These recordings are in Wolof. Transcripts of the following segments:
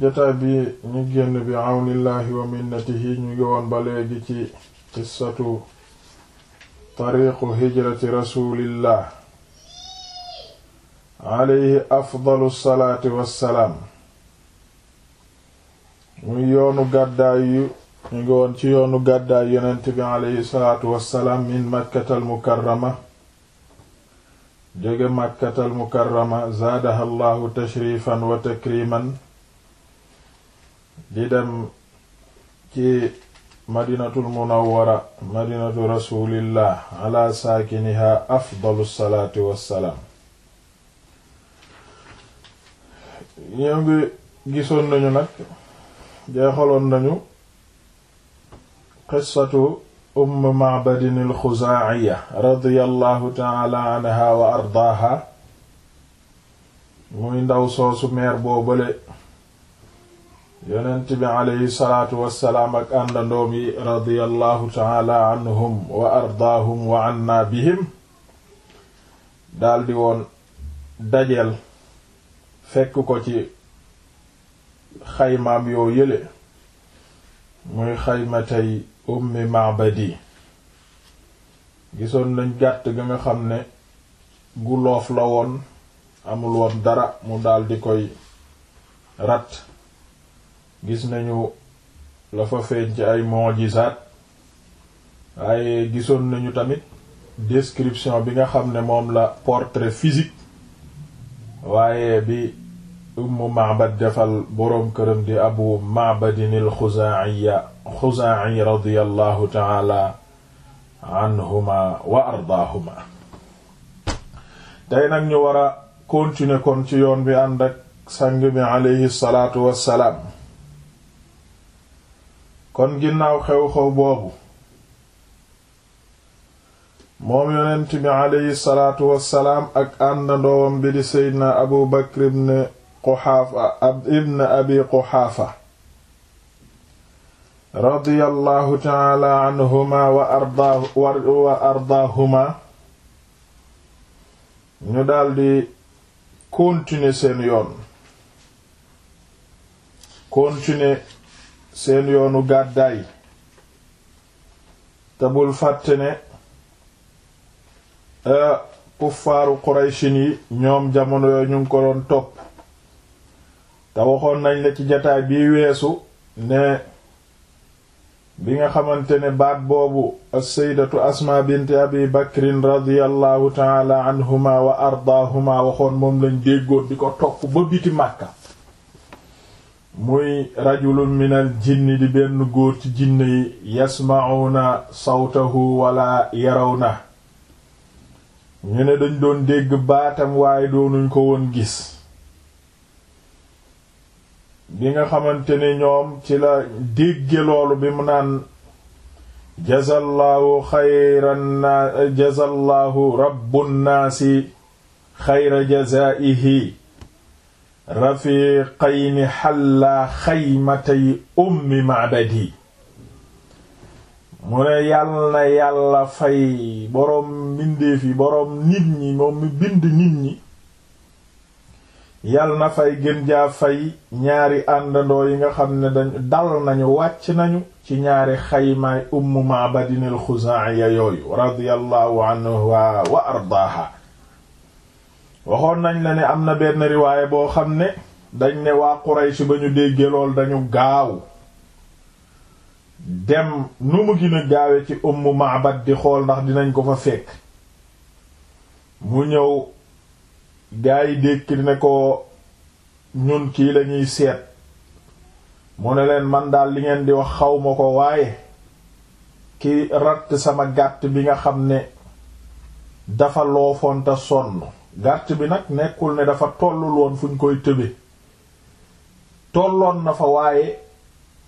jotaay bi ñu génn bi àwnillaahi wa minnatihi ñu ngi woon ba léegi ci qissatu tariiqu hijrati rasulillah alayhi afdalu salaati wassalaam muy yoonu gàddaay yu ñu ngi woon ci yoonu gàddaay yonent bi alayhi salaatu wassalaam min makkatal mukarrama jóge makkatal mukarrama zaadaha allahu tashrifan wa takriman di dem ci madinatul munawwara madinatu rasulillah ala saakiniha afdalu salaati wassalaam ñoo ngi gisoon nañu nag jeexaloon nañu qissatu umm ma'badin al-xuzaa'iya radiyallahu ta'ala anha wa ardaaha muy ndaw soosu meer boobale yonent bi aleyhi salaatu wassalaam ak àndandoom yi radiyallahu taala anhum wa ardaahum wa anna daldi woon dajeel fekk ko ci xaymaam yoo yële muy xaymatay ummi maabadi gisoon nañ gàtt ga nga xam ne gu loof la woon amul woon dara mu daldi koy rat gis nañu la fa feeñ ci ay mojisaat waaye gisoon nañu tamit description bi nga xam ne moom la portrait physique waaye bi ummu Ma'bad defal boroom këram di abu Ma'badin al-Khuzaa'iya Khuzaa'i radiyallahu ta'ala anhuma wa ardaahuma tey nag ñu war a continuer kon ci yoon bi ànd ak sang bi alayhi salaatu wassalaam kon ginnaaw xew-xew boobu moom yonent ak àndandoowam bi di seydna abu bakr ibn abi quxaafa radiyallahu taala anhuma wa ardaahuma ñu daldi continuer seen yoon continuer seen yoonu gàddaay te bul fàtte ne kuffaaru Qurayshin yi ñoom jamono yooyu ñu ngi ko doon topp te waxoon nañ la ci jataay bi weesu ne bi nga xamante ne baat boobu as-sayyidatu Asma bint Abi Bakrin radiyallahu taala anhuma wa ardaahuma waxoon moom lañ déggoon di ko topp ba biti Màkka muy rajulun min al jinni di benn góor ci jinne yi yasma'una sawtahu wala yarawna ñu ne dañ doon dégg baatam waaye doonuñ ko woon gis bi nga xamante ne ñoom ci la dégge loolu bi mu naan jazallahu xayran naa jazallahu rabbun naasi xayra jazaihi rafiqayni xalla xaymatay ummi maabadi mu ne yàlla na yàlla fay boroom mbindeef boroom nit ñi moom mi bind nit ñi yàll na fay gën jaa fay ñaari àndandoo yi nga xam ne dañu dal nañu wàcc nañu ci ñaari xaymaay ummu maabadinil xuzaaya yooyu radiyallahu anha wa ardaaha waxoon nañ la ne am na benn riwaay boo xam ne dañ ne waa Quraysh ba ñu déggee lool dañu gaaw dem nu mu gën gaawe ci Umm Ma'bad di xool ndax dinañ ko fa fekk mu ñëw gaa yi dékk ne ko ñun kii lañuy seet mu ne leen man daal li ngeen di wax xawma ko waaye ki ratt sama gàtt bi nga xam ne dafa loofoonte sonn gàrt bi nag nekkul ne dafa tollul woon fu ñu koy tëbe tolloon na fa waaye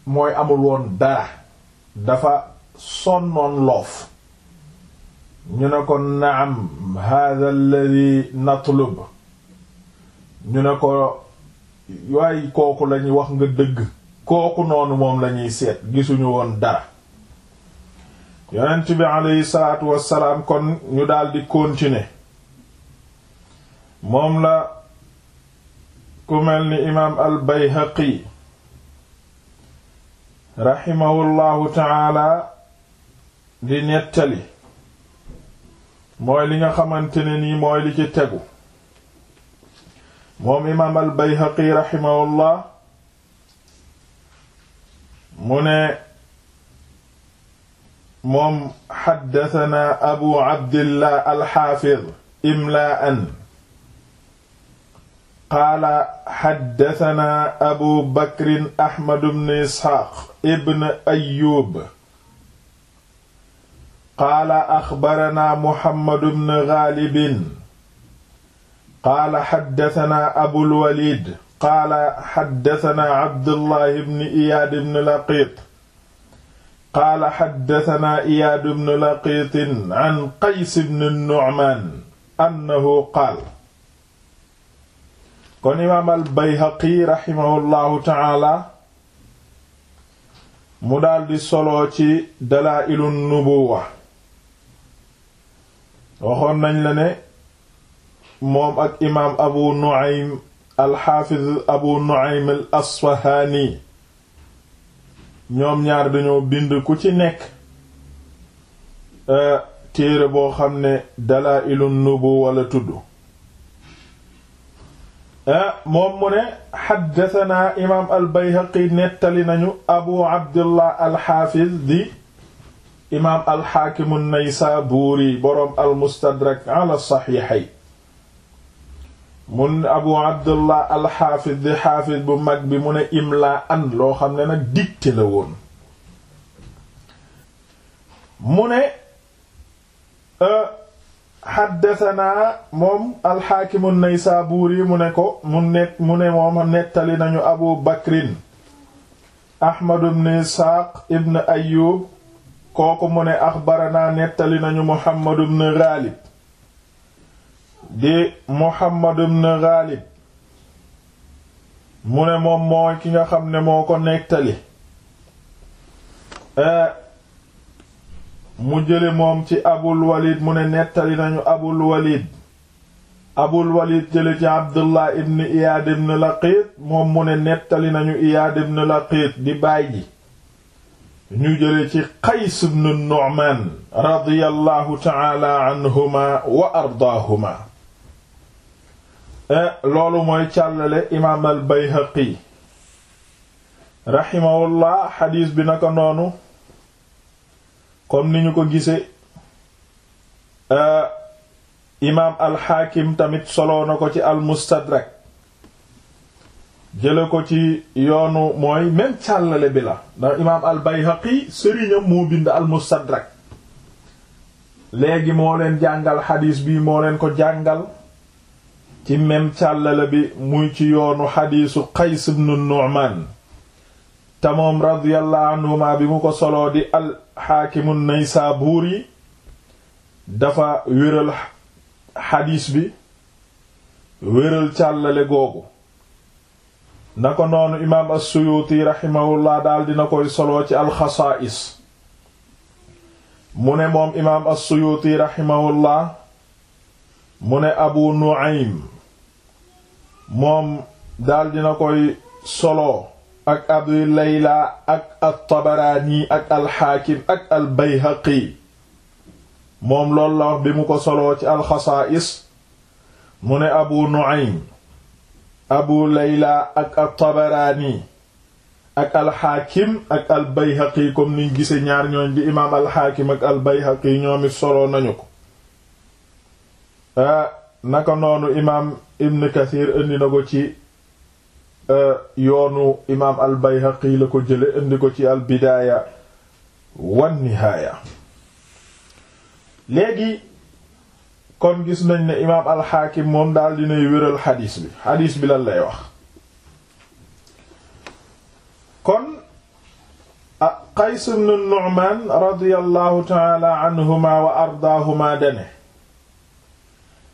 mooy amul woon dara dafa sonnoon loof ñu ne ko naam hadha alladhi ñu ne ko waaye kooku lañuy wax nga dëgg kooku noonu moom lañuy seet gisuñu woon dara yonent bi aleyhi salaatu wassalaam kon ñu daldi continuer moom la ku mel ni imaam al bayhaqi raximahullahu taala di nettali mooy li nga xamante ni nii mooy li ci tegu moom imaam al bayhaqi raximahullah mu ne moom xaddatanaa abu abdillah al xaafiz imlaan qaala xaddatanaa abu bakrin ahmadu bn isxaaq ibn ayub qaala axbaranaa muhammadu bn gaalibin qaala xaddatanaa abulwalid qaala xaddatanaa abdullahi bn iyaad bn laqiit qaala xaddatanaa iyaad bn laqiitin an qays bn nucmaan annahu qaal kon imaam al bayhaqi raximahullahu taala mu daldi solo ci dalaa'ilu nubuwa waxoon nañ la ne moom ak imaam abu nu'aym alxaafiz abu nu'aym al asfahaani ñoom ñaar dañoo bind ku ci nekk eh, téere boo xam ne dalaa'ilu nubuwa la tudd Ah, moom mu ne xaddatanaa imaam albayhaqi nettali nañu abu abdullah alxaafiz di imaam alxaakimu naysaaburi boroom almustadrak ala saxiixay mun abu abdullah alxaafiz di xaafiz bu mag bi mu ne imlaa an loo xam ne nag digte la woon mu ne ah, xaddatanaa moom alxaakimu naysaabuuri mu ne ko mu net mu ne moom nettali nañu abu bakrin ahmadu bnu isxaaq ibn ayub kooku mu ne axbaranaa nettali nañu muhammadu bnu gaalib di muhammadu bnu gaalib mu ne moom mooy ki nga xam ne moo ko nettali eh, mu jële moom ci abul walid mu ne nettali nañu abul walid abul walid jële ci abdullah ibn iyaad ibn laqiit moom mu ne nettali nañu iyaad ibn laqiit di baay ji ñu jële ci qays ibn nu'man radiyallahu ta'ala anhuma wa ardaahuma eh, loolu mooy càllale imaam al bayhaqi rahimahullah xadiis bi naka noonu comme ni ñu ko gisee euh, imaam alxaakim tamit soloo na ko ci almustadrak jële ko ci yoonu mooy même càllale bi la ndax imaam albayhaqi sëriñam moo bind almustadrak léegi moo leen jàngal xadiis bii moo leen ko jàngal ci même càllale bi muy ci yoonu xadiisu qays ibn nu'man te moom radiyallahu anhuma bi mu ko soloo di alxaakimu naysaabuuri dafa wéral xadiis bi wéral càllale googu na ko noonu imaam as-Suyuuti raximahullah daal dina koy soloo ci alxasaa'is mu ne moom imaam as-Suyuuti raximahullah mu ne Abu Nu'aym moom daal dina koy soloo ak abu layla ak altabaraani ak alxaakim ak albayhaqi moom loolu bi mu ko soloo ci alxasaais mu ne abu nuaym abu layla ak altabaraani ak alxaakim ak albayhaqi comme niñ gise ñaar ñooñ di imaam alxaakim ak albayhaqi ñoom it soloo nañu ko ah, naka noonu imaam ibn kathir indi ko ci Euh, yoonu imaam al bayhaqi la ko jële indi ko ci al bidaaya wan nihaaya léegi kon gis nañ ne imaam al xaakim moom daal dinay wéral xadiis bi xadiis bi lan lay wax kon qays ibn nu'man radiyallahu taala anhuma wa ardaahuma dane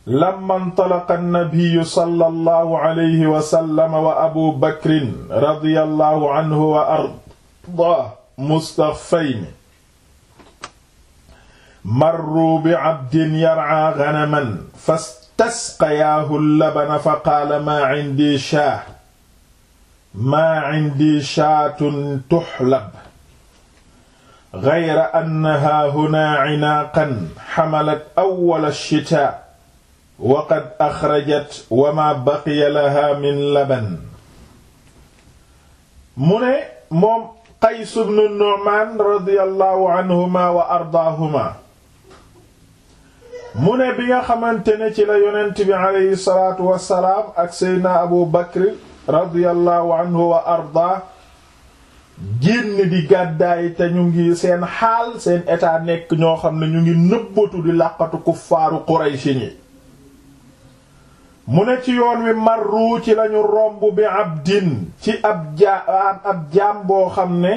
lamma ntalaqa annabiyu sala allahu alayhi wasallama wa abu bakrin radiyallahu anhu wa arda mustaxfayni marruu bi cabdin yarcaa ganaman fastasqayaahu labana fa qaala maa cindii shaah maa cindii shaatun tuxlab gayra annahaa hunaa cinaaqan xamalat awwala shitaa waqad axrajat wa ma baqiya laha min laban mu ne moom qays bnu nu'man radiyallahu anhuma wa ardaahuma mu ne bi nga xamante ne ci la yonent bi aleyhi salaatu wassalaam ak seydna abu bakr radiyallahu anhu wa ardaa génn di gàddaay te ñu ngi seen xaal seen état nekk ñoo xam ne ñu ngi nëbbatu di làqatu kuffaaru qurayshi ñi mu ne ci yoon wi marru ci lañu romb bi ab abdin ci ab jaam ab jaam boo xam ne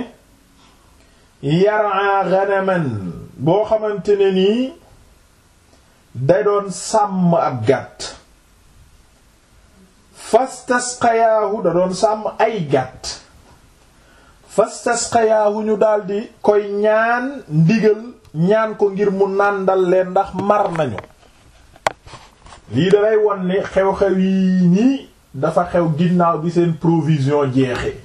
yaraa boo xamante ne nii day doon sàmm ab gàtt fastasqayaahu da doon sàmm ay gàtt fastasqayaahu ñu daldi koy ñaan ndigal ñaan ko ngir mu nàndal leen ndax mar nañu lii dalay won ni xew-xew yi nii dafa xew ginnaaw bi seen provision jeexee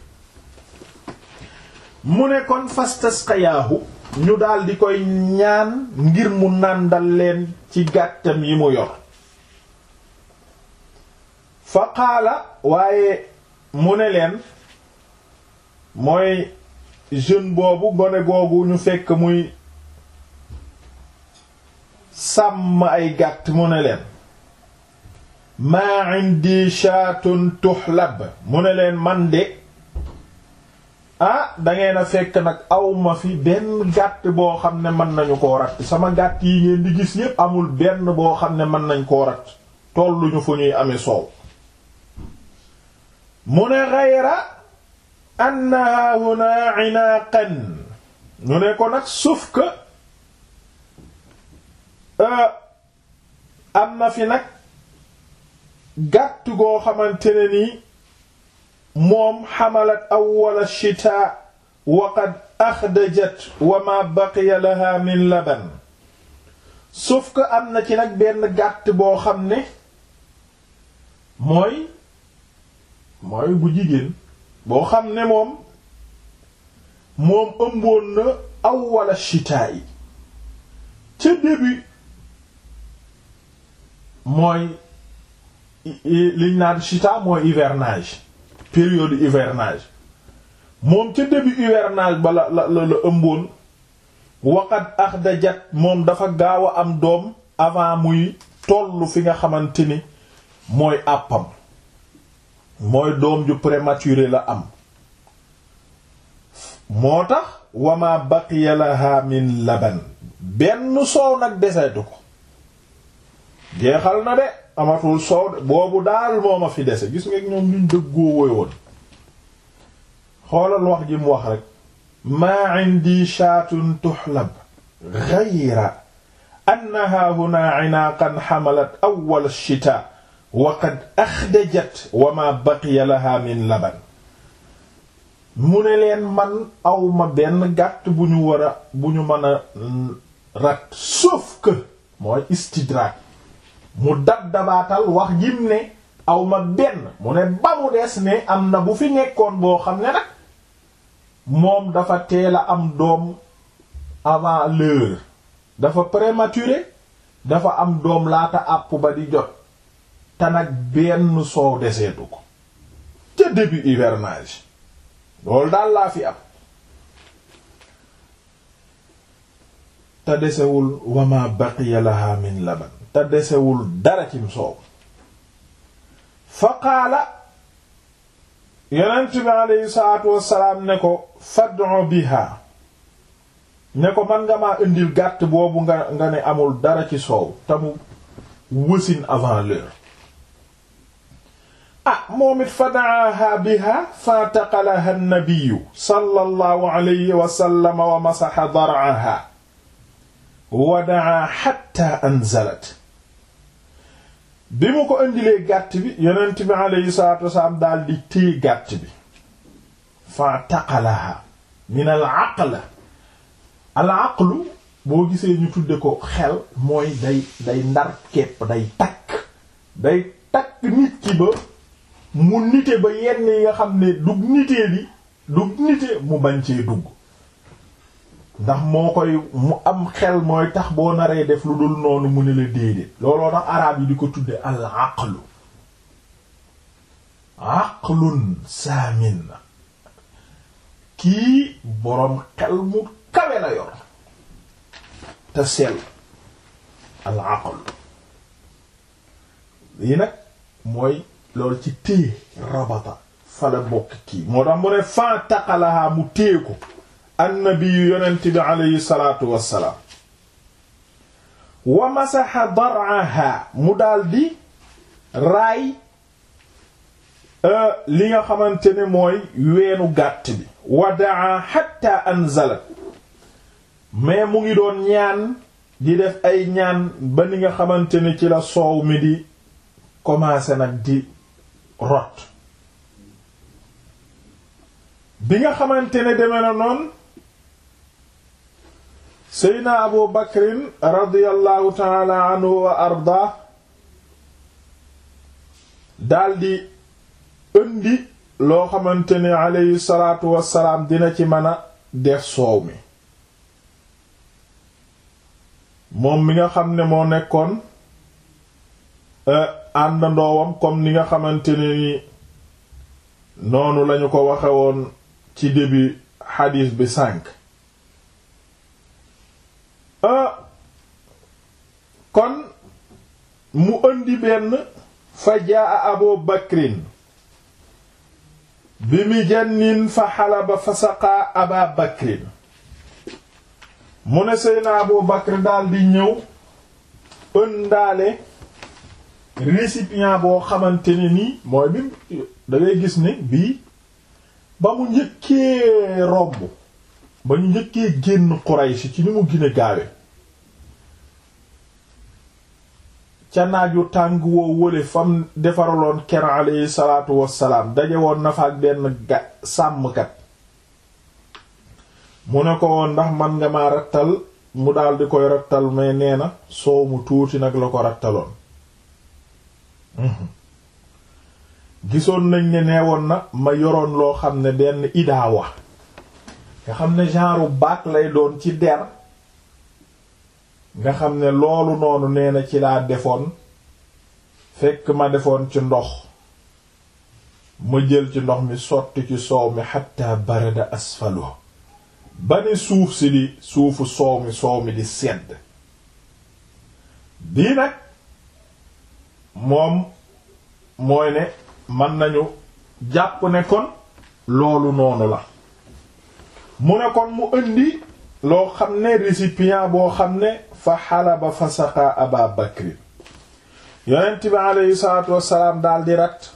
mu ne kon fastasqayaahu ñu daldi koy ñaan ngir mu nàndal leen ci gàttam yi mu yor fa qaala waaye mu ne leen mooy jeune boobu gone googu ñu fekk muy sàmm ay gàtt mu ne leen maa indi shaatun tuhlab mu ne leen man de ah dangeen a fekk nag awma fi benn gàtt boo xam ne mën nañu koo ratt sama gàtt yi ngeen di gis yépp amul benn boo xam ne mën nañ koo ratt tolluñu fu ñuy amee soow mu ne xayra annaha huna inaqan ñu ne ko nag sauf que euh, am na fi nag gàtt goo xamante ne ni moom xamal awwala chitaa wa qad axdajat wa ma baqiya laha min laban sauf que am na ci nag benn gàtt boo xam ne mooy mooy bu jigéen boo xam ne moom moom ëmboon na awwala chitaa yi ca début mooy liñ naan chita mooy hivernage période hivernage moom ca début hivernage ba la la la ëmboon waqat axdajat moom dafa gaaw a am doom avant muy tollu fi nga xamante ni mooy àppam mooy doom ju prématuré la am moo tax wama baqiya laha min laban benn soow nag deseetu ko jeexal na de amatul soow boobu daal moo ma fi dese gis nga ñoom niñ dëggoo woyoon xoolal wax ji mu wax rek maa indi shaatun tuhlab ghayra annaha huna inaaqan hamalat awwal ash-shitaa wa qad akhdajat wa ma baqiya laha min laban mu ne leen man awma benn gàtt bu ñu war bu ñu mën a mm, rat sauf que mooy istidrak mu dab dabaatal wax jim ne aw ma benn mu ne ba mu des ne am na bu fi nekkoon boo xam ne nag moom dafa teel a am doom avant l'heure dafa prématuré dafa am doom laata àpp ba di jot te nag benn soow deseetu ko ca début hivernage loolu daal laa fi am te desewul wama baqiya laha laban te desewul dara cim soow fa qaala yonent bi aleyhi salaatu wassalaam ne ko fad'u biha ne ko man nga maa indil gàtt boobu nga nga ne amul dara ci soow te mu wësin avant l'heure ah moom it fadaaha biha faataqalaha nnabiyu sallallahu alayhi wa sallam wa masaxa daraaha wa daa xatta anzalat bi mu ko indilee gàtt bi yonent bi aleyhi salatu wasalaam daal di téye gàtt bi fa taqalaha min al aqla al aqlu boo gisee ñu tudde ko xel mooy day day ndar kepp day takk day takk nit ki ba mu nite ba yenn yi nga xam ne dug nitee bi dug nite mu bañ cee dugg ndax moo koy mu am xel mooy tax boo naree def lu dul noonu mu ne la déedéet looloo tax araab yi di ko tuddee al aqlu aqlun saamin kii boroom xel mu kawe la yor te sell al aqlu lii nag mooy loolu ci téye rabata fala bokk kii moo tax mu ne fantaqalaha mu téye ko annabiyu yonent bi aleyhi salaatu wassalaam wa masaxa dar'aha mu daldi raay euh, li nga xamante ne mooy weenu gàtt bi wa daa xatta anzalat mais mu ngi doon ñaan di def ay ñaan ba ni nga xamante ne ci la soow mi di commencé nag di rot bi nga xamante ne deme na noonu seydna abu bakrin radiallahu taala anhu wa arda daldi ëndi loo xamante ni aleyhi salaatu wassalaam dina ci mën a def soow mi moom mi nga xam ne moo nekkoon eh, àndandoowam comme ni nga xamante ni noonu lañu ko waxewoon ci début xadiis bi sànk Ah. kon mu indi benn fa jaa abu bakrin bi mi jannin fa xalaba fa saqaa bakrin mu ne seyna abu bakr daal di ñëw ëndaale récipient boo xamante ne nii mooy bi da ngay gis ne bii ba mu njëkkee romb ba ñu njëkkee génn Quraysh ci ni mu gën gaawe ca naaj wu tàng woo wële fam defaraloon ker alayhi salaatu wassalaam daje woon na fa ak benn ga sàmmkat mu ne ko woon ndax man nga ma rattal mu daldi koy rattal mais nee na soow mu tuuti nag la ko rattaloon mhm. gisoon nañ ne nee na ma yoroon loo xam ne benn idaawa nga xam ne genre baak lay doon ci der nga xam ne loolu noonu nee na ci laa defoon fekk ma defoon ci ndox mu jël ci ndox mi sotti ci soow mi xatta barada asfalo ba ni suuf si di suufu soow mi soow mi di sedd bii nag moom mooy ne mën nañu jàpp nekkoon loolu noonu la mu ne kon mu indi loo xam ne récipient boo xam ne fa xalaba fa saqa bakrin yonent bi aleyhi salaatu wassalaam daal di rat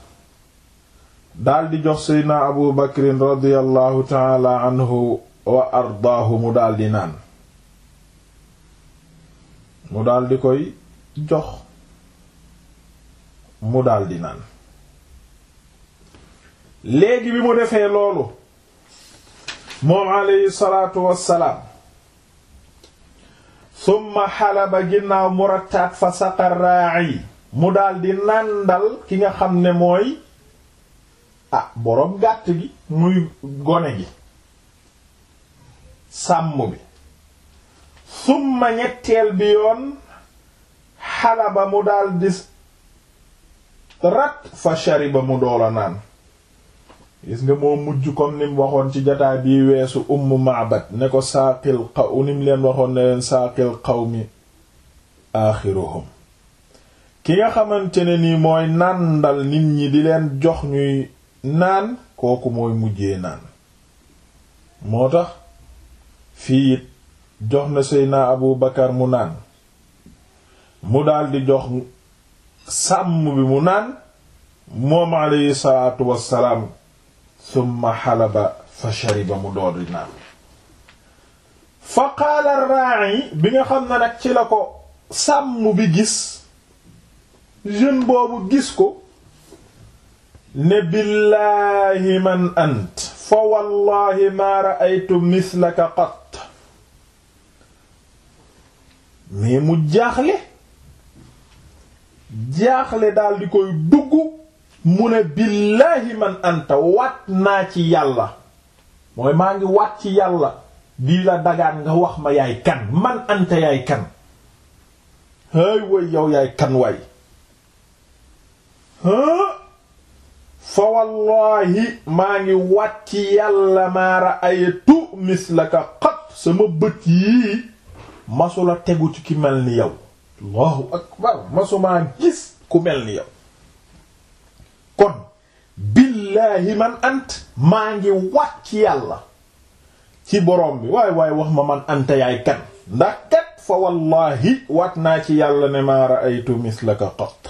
daal di jox seydna abu bakrin radiallahu taala anhu wa ardaahu mu daal di naan mu daal di koy jox mu daal di naan léegi bi mu defee loolu moom aleyhi salaatu wassalaam summa xalaba ginnaaw murattaat fa saqar raa'i mu daldi nàndal ki nga xam ne mooy ah boroom gàtt gi muy gone gi sàmm bi summa ñetteel bi yoon xalaba mu daldi rat fa shariba mu doola naan gis nga moo mujj comme nim waxoon ci jataay bii weesu ummu Ma'bad ne ko saaqil xaw nim leen waxoon ne leen mi qawmi aaxiruhum ki nga xamante ne nii mooy nàndal nit ñi di leen jox ñuy naan kooku mooy mujjee naan moo tax fii it jox Abu Bakar daldi jox sàmm bi mu naan moom aleyhi salaatu summa xalaba fa shariba mu door di fa qaala ar bi nga xam ne nag ci la ko sàmm bi gis jeune boobu gis ko ne billaahi man ant fa wallahi maa ra'aytu mislaka qatt mais mu jaaxle jaaxle daal di koy dugg mu ne billaahi man anta wat naa ci yàlla mooy maa ngi wat ci yàlla di la dagaan nga wax ma yaay kan man anta yaay kan hay way yow yaay kan waay fa wallaahi maa ngi wat ci yàlla maa ra'aytu mislaka qat sama bët yii masula tegu ci ki mel ni yow allahu akbar masumaa gis ku mel ni yow kon billaahi man ant maa ngi ci yàlla ci borom bi waay waay wax ma man anta yaay kan ndax kat fa wallaahi waat naa ci yàlla ne maa ra'aytu mislaka qat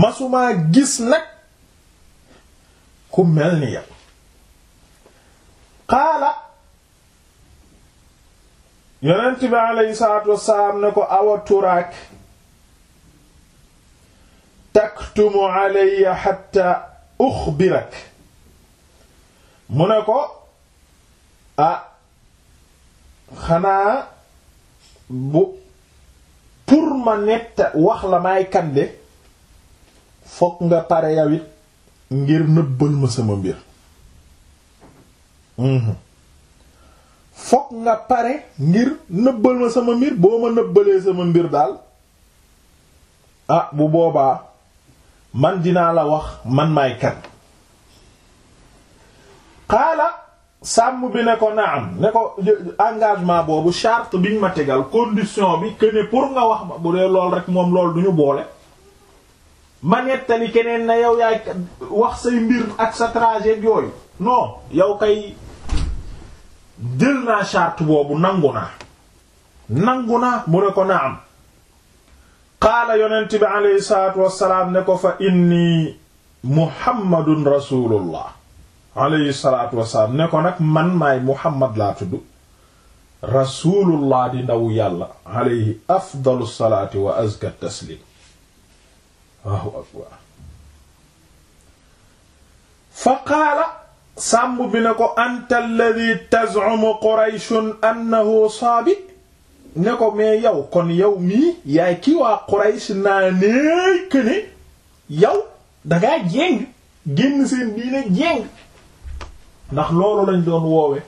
masumaa gis nag ku mel ni yow qaala yonent bi alayhi salaatu wassalaam ne ko awa turaak taktumu alayya hatta uxbirak mu ne ko ah xanaa bu pour ma netta wax la may kande fokk nga pare yow ngir nëbbal ma sama mbir mhm. fokk nga pare ngir nëbbal ma sama mbir boo ma nëbbalee sama mbir daal ah bu boobaa man dinaa la wax man maay kan xaala sàmm bi ne ko am ne ko engagement boobu charte biñ ma tegal condition bi que pour nga wax ma bu dee lool rek moom lool du ñu boole ma nettali keneen na yow yaay wax say mbir ak sa trajet yooyu non yow kay jël naa charte boobu nangu na nangu na mu ne ko am qaala yonent bi aleyhi salaatu wassalaam ne ko fa inni muhammadun rasulullah aleyhi salaatu wassalaam ne ko nag man maay muhammad laa tudd rasulullah di ndaw yàlla aleyhi afdalu salaati wa azka taslim waaw akbar fa qaala sàmb bi ne ko anta alladi tazumu qurayshun annahu saabit ne ko mais yow kon yow mii yaay kii waa Quraysh naa nee que ne yow dangaa jéng génn seen diine jéng ndax loolu lañ doon woowe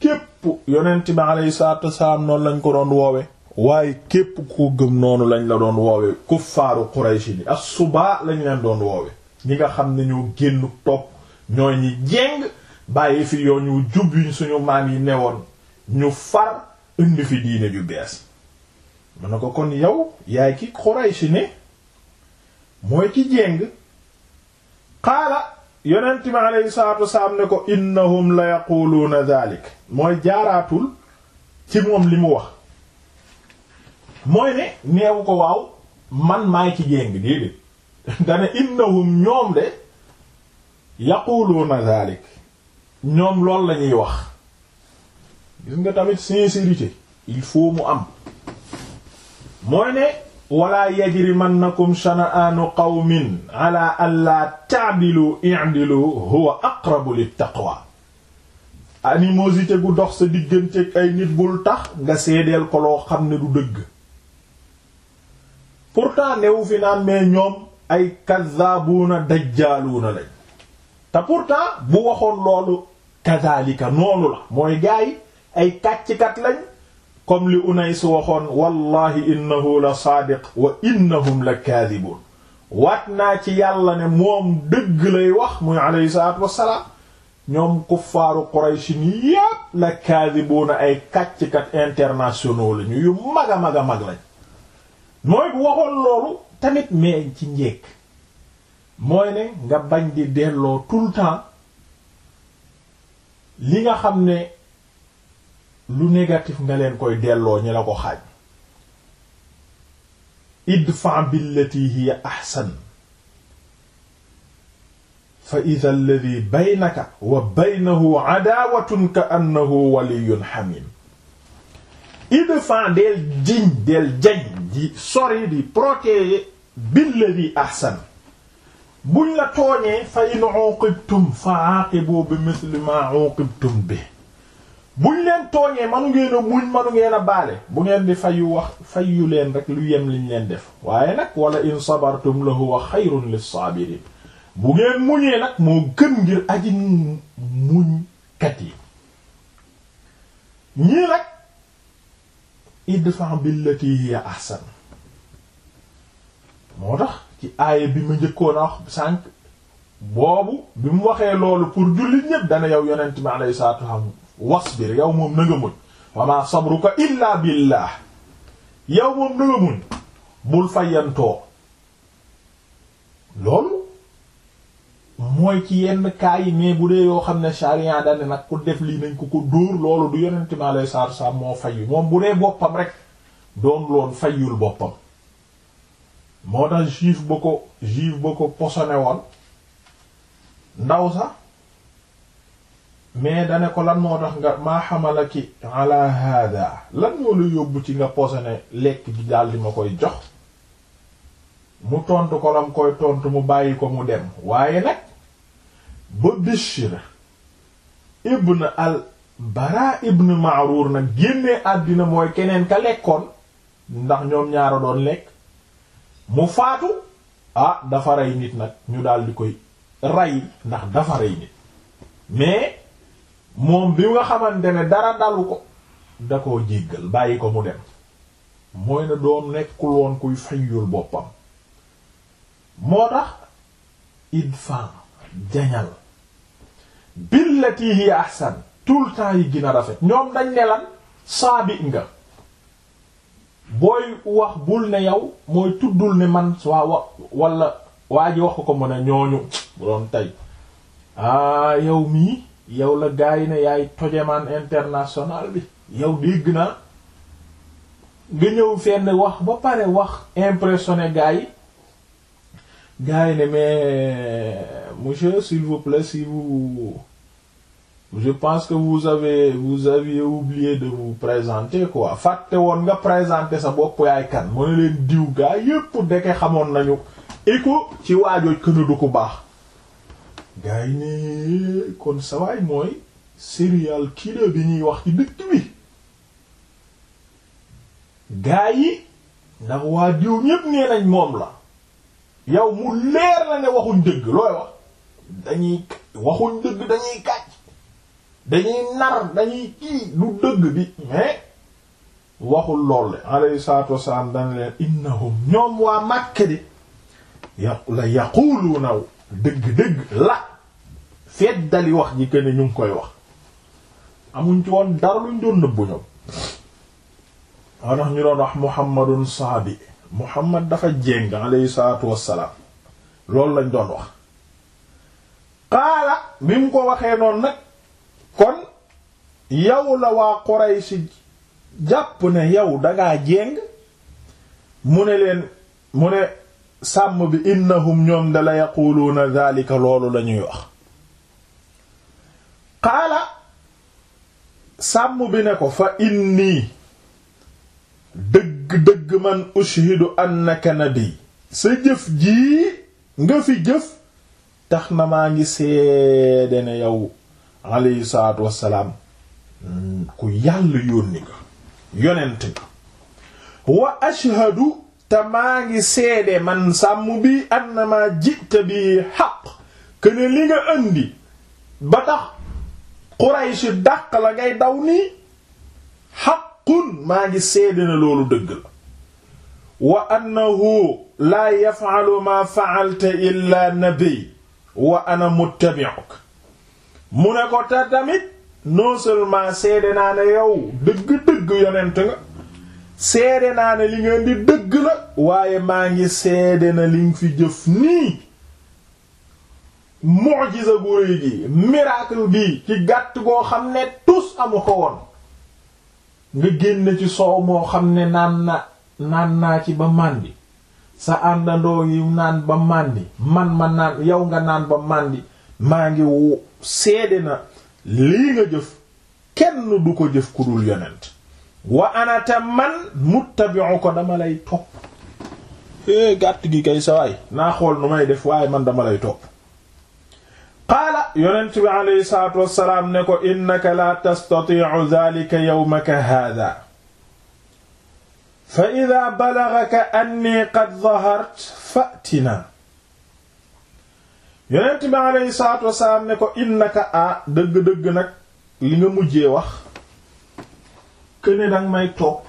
képp yonent bi alayhi salaatu noonu lañ ko doon woowe waaye képp ko gëm noonu lañ la doon woowe kuffaaru Quraysh ni as-subaa lañ leen doon woowe ñi nga xam ne ñoo génn topp ñoo ñi jéng bàyyi fi yoo ñu jub yuñ suñu maam yi newoon ñu far indi fi diine ju bees mu ne ko kon yow yaay ki Quraysh ne mooy ki jéng xaala yonent mi aleyhi salatu ne ko innahum la yaquluuna dalik mooy jaaraatul ci moom li mu wax mooy ne neewu ko waaw man maay ci jéng déedéet dane innahum ñoom de yaquluuna dalik ñoom loolu lañuy wax gis nga tamit sincérité il faut mu am mooy ne wala yajrimannakum shana'anu qawmin ala alla ta'dilu huwa aqrabu littaqwa animosité gu dox sa digganteeg ay nit bul tax nga seedeel ko loo xam ne du dëgg pourtant newu fi naan ñoom ay kazzaabuuna dajjaaluuna lañ te pourtant bu waxoon loolu kazaalika noonu la mooy gaay ay kàcckat lañ comme li Unays waxoon wallahi innahu la saadiq wa innahum la kaadibuun waat naa ci yàlla ne moom dëgg lay wax muy alayhi salaatu wassalaam ñoom kuffaaru Quraysh ni la kaadibuuna ay kàcckat internationaux lañu yu mag a mag a mag lañ mooy bu waxoon loolu tamit mais ci njekk mooy ne nga bañ di delloo tout le temps li nga xam ne lu négatif nga leen koy delloo ñi la ko xaaj idfa billati hiya ahsan fa idha alladhi baynaka wa baynahu adaawatun ka annahu waliyyun hamim idfa del jiñ del jañ di sori di protéger billadi ahsan buñ la tooñee fa in uqibtum fa aqibu bi misli ma uqibtum bi buñ leen tooñee manu ngeen a muñ manu ngeen a baale bu ngeen di fayu wax fayu leen rek lu yem liñ leen def waaye nag wala in sabartum la huwa xayrun lis-saabiriin bu ngeen muñee nag moo gën ngir aji muñkat yi ñii nag idfa billati hiya ahsan moo tax ci aaya bi ma njëkkoon a wax sànq boobu bi mu waxee loolu pour jullit ñépp dana yow yonent mi alayhi wasbir yow moom na nga muñ wama sabruka illa billah yow moom na bul fayyantoo loolu mooy ci yenn kaa mais bu dee yoo xam ne sharia dane nag ku def lii nañ ko ko dóor loolu du yonent mi alei salatu salaam moo fayyu moom bu dee boppam rek doon loon fayyul boppam moo tax juif ba ko juif ba ko posone woon ndaw sax mais dane ko lan moo tax nga maa xamalaki ala hada lan moo la yóbbu ci nga posone lekk gi daal ma koy jox mu tontu ko koy tontu mu bàyyi ko mu dem waaye nag ba Bishr ibn al Bara ibn Ma'rur nag génnee àddina mooy keneen ka lekkoon ndax ñoom ñaara doon lekk mu faatu ah dafa rey nit nag ñu daal koy rey ndax dafa rey nit mais moom bi nga xamante ne dara dalu ko da koo jéggal bàyyi ko mu dem mooy ne doom nekkul woon kuy fayyul boppam moo tax idfan jañal billati hi ahsan tout le temps yi gën rafet ñoom dañ ne lan saabi nga booy wax bul ne yow mooy tuddul ne man waa wa wala waa ji wax ko ko mu ne ñooñu bu doon tey ah yow mii yow la gaa yi ne yaay tojamaan international bi yow dégg naa nga ñëw fenn wax ba pare wax impressionné gaa yi gaa yi ne mais monsieur s'il vous plaît si vous je pense que vous avez vous aviez oublié de vous présenter quoi fàtte woon nga présenter sa bopp yaay kan mu ne leen diw gaa yépp deke xamoon nañu écho ci waajooj këna du ku baax gars yi ne kon sawaay mooy serial killer bi ñuy wax ci dëkk bi gaa yi ndax waa diw ñépp nee moom la yow mu leer na ne waxuñ dëgg looy wax dañuy waxuñ dëgg dañuy kàcc dañuy nar dañuy kii lu dëgg bi mais waxul lool de alayhi salaatu wassalaam dana leen innahum ñoom waa Makka di yàqu la yaquluuna dëgg-dëgg la feet dali wax ji que ne ñu ngi koy wax amuñ ci woon dara luñ doon nëbbu ñoom. wax mu ñu doon wax Muhammadun Saabi Muhammad dafa jéng alayhi salaatu wassalaam loolu lañ doon wax. qaala bi mu ko waxee noonu nag kon yow la waa Quraysh jàpp ne yow dangaa jéng mu ne leen mu ne. sàmm bi innahum ñoom da la yaquluuna daalika loolu lañuy wax qaala sàmm bi ne ko fa innii dëgg-dëgg man ushhidu annaka nabi sa jëf jii nga fi jëf tax na maa ngi seede ne yow alayhi salaatu wassalaam ku yàlla yónni nga yonent nga wa ashhadu te maa ngi seede man sàmm bi ma jita bi xaq kene li nga indi ba tax Quraysh dàq la ngay daw nii xaqun maa ngi seede na loolu dëgg la wa annahu laa yafaalu maa faalta illa nabi wa ana muttabi'uk mu ne ko te tamit non seulement seede naa ne yow dëgg-dëgg yonent nga seede naa ne li ngeen di dëgg la waaye maa ngi seede na li nga fi jëf nii mu'jiza bu réy gi miracle bi ci gàtt goo xam ne tus amu ko woon nga génn ci soow moo xam ne naan na naan naa ci ba màndi sa àndandoo yi naan ba màndi man ma naan yow nga naan ba màndi maa ngi seede na lii nga jëf kenn du ko jëf ku dul yonent wa anata man muttabi'u ko dama lay topp é eh, gàtt gi kay sawaay naa xool nu may def waaye man dama lay topp qaala yonent bi alayhi salaatu wassalaam ne ko innaka laa tastatii'u dhalika yawmaka haadha fa idhaa balaghaka annii qad dhahart fa'tinaa yonent bi alayhi salaatu wassalaam ne ko innaka a ah, dëgg-dëgg nag li nga mujjee wax këne danga may topp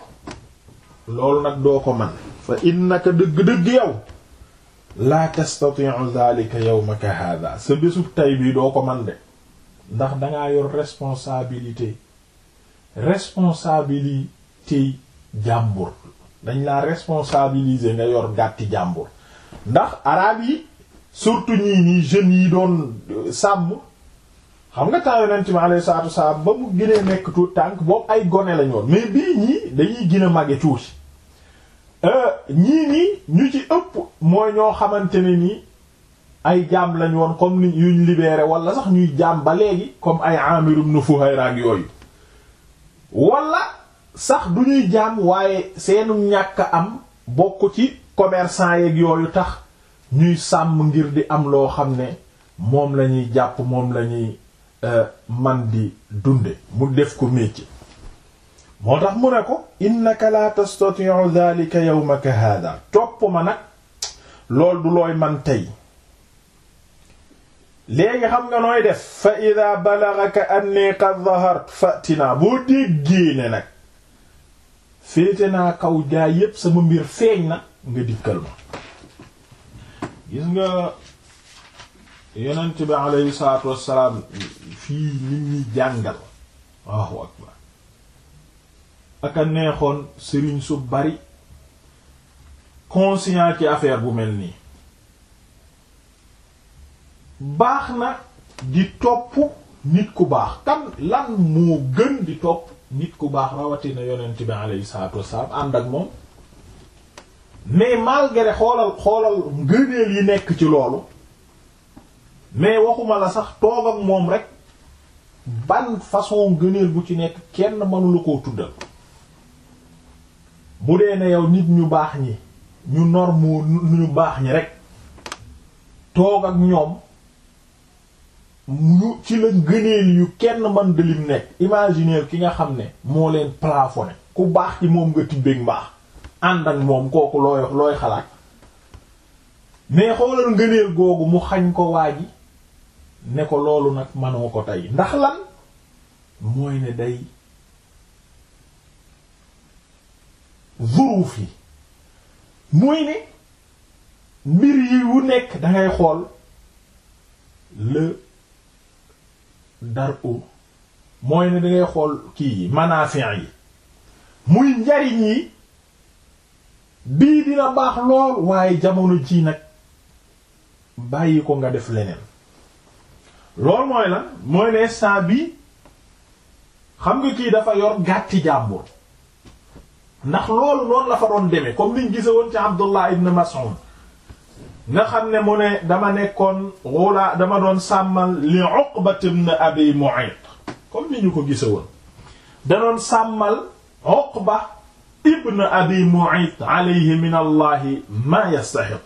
loolu nag doo ko man fa innaka dëgg-dëgg yow laa tastati'u dhalika yawmaka hadha sa bésub tay bii doo ko man de ndax dangaa yor responsabilité responsabilité jàmbur dañ laa responsabiliser nga yor gàtti jàmbur ndax araab yi surtout ñii nii jeunes yi doon euh, sàmm xam nga temps yonent mi alayhi salaatu wasalaam ba mu gënee nekk tuut tànk boobu ay gone lañu woon mais bii ñii dañuy gën a màgge tuuti euh, ñii nii ñu ci ëpp mooy ñoo xamante ne nii ay jaam lañ woon comme yu yuñ libéré wala sax ñuy jaam ba léegi comme ay Amir ibn Fuhayra ak yooyu wala sax duñuy ñuy jaam waaye seenu ñàkk am bokk ci commerçant yeeg yooyu tax ñuy sàmm ngir di am loo xam ne moom lañuy jàpp moom lañuy Euh, man di dunde mu def ko métier moo tax mu ne ko innaka la tastati'u dhalika yawmaka hadha topp ma nag lool du looy man tey léegi xam nga nooy def fa ida balagaka anni qad dhahart fatina boo déggee ne nag féete naa kaw jaay yépp sama mbir feeñ na nga dikkal ma yonent bi aleyhi salaatu wassalaam fii nit ñi jàngal waaw akbar ak a neexoon sëriñ su bari conscient ci affaire bu mel nii baax na di topp nit ku baax kan lan moo gën di topp nit ku baax rawatina yonent bi aleyhi salaatu wassalaam ànd ak moom mais malgré xoolal xoolal ngëneel yi nekk ci loolu mais waxuma la sax toog ak moom rek ban façon gëneel bu ci nekk kenn mënu la koo tuddal bu dee ne yow nit ñu baax ñi ñu normu ñu baax ñi rek toog ak ñoom ñu ci la gëneel yu kenn mën dalim nekk imaginer ki nga xam ne moo leen plafonné ku baax ci moom nga tibbeeg mbaax ànd ak moom kooku looy looy xalaat mais xoolal ngëneel googu mu xañ ko waa ji ne ko loolu nag manoo ko tey ndax lan mooy ne day zuruuf yi mooy ne mbir yi wu nekk dangay xool le dar u mooy ne dangay xool kii yi manafin yi muy njariñ yi bii dina baax lool waaye jamono ji nag bàyyi ko nga def leneen loolu mooy lan mooy ne instant bi xam nga kii dafa yoon gàtti jàmbur ndax loolu noonu la fa doon demee comme niñ gise woon ci Abdullah ibn Mas'ud nga xam ne mu ne dama nekkoon dama doon sàmmal li Uqbat ibn Abi Mu'ayt comme ni ñu ko gise woon da doon sàmmal Uqba ibn Abi Mu'ayt alayhi min ma yastahiq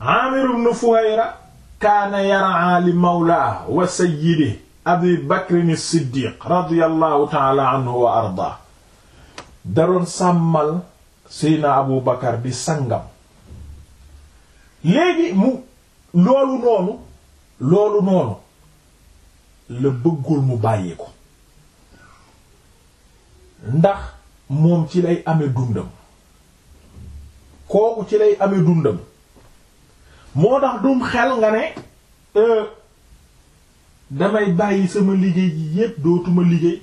Amir ibn Fuhayra kaana yaraa li mawlaa wa sayyidi abi bakrin siddiq radiallahu taala anhu wa arda daroon sàmmal seyna abu di sangam léegi mu loolu noonu loolu noonu la bëggul mu bàyyi ko ndax moom ci lay ame dundam kooku ci lay ame dundam moo tax dum xel nga ne euh, damay bàyyi sama liggéey ji yépp dootuma liggéey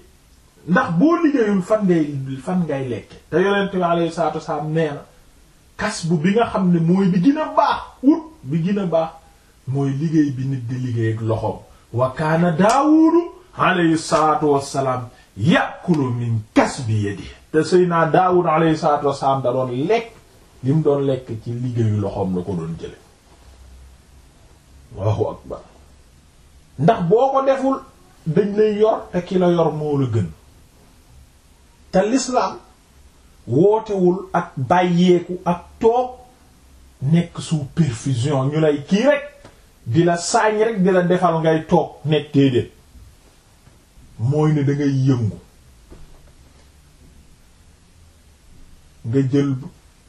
ndax boo liggéeyul fan ngay fan ngay lekk te yonent bi alayhi salaatu wasalaam nee na kas bu bi nga xam ne mooy bi gën a baax wut bi gën baax mooy liggéey bi nit di liggéey ak loxoom wa kaana daawudu alayhi salaatu wasalaam yàkkulu min kas bi yadi te sëy naa daawud alayhi salaatu wasalaam da doon lekk li mu doon lekk ci liggéeyu loxoom la ko doon jële Allahu akbar ndax boo ko deful dañ lay yor te ki la yor moo la gën te lislaam wootewul ak bàyyeeku ak toog nekk sous perfusion ñu lay kii rek di la saañ rek di la defal ngay toog nekk déedéet mooy ne da ngay yëngu nga jël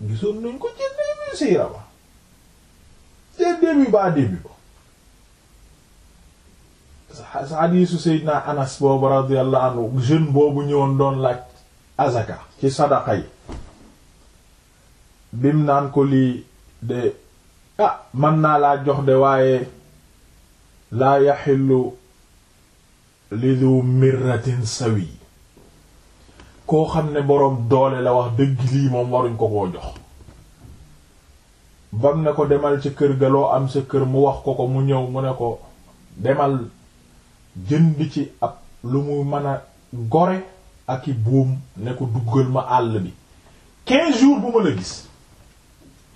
gisoon nañ ko ci début siira ba ca début ba début ba hadiisu Seydina Anas boobu radiyallahu anhu jeune boobu ñëwoon doon laaj azaka ci sadaqa yi bim naan ko lii de ah man naa laa jox de waaye laa yaxillu li du mirratin sawi koo xam ne boroom doole la wax dëgg lii moom waruñ ko koo jox bam ne ko demal ci kër ga loo am sa kër mu wax ko ko mu ñëw mu ne ko demal jën bi ci ab lu mu mën a gore ak i buum ne ko duggal ma àll bi quinze jours bu ma la gis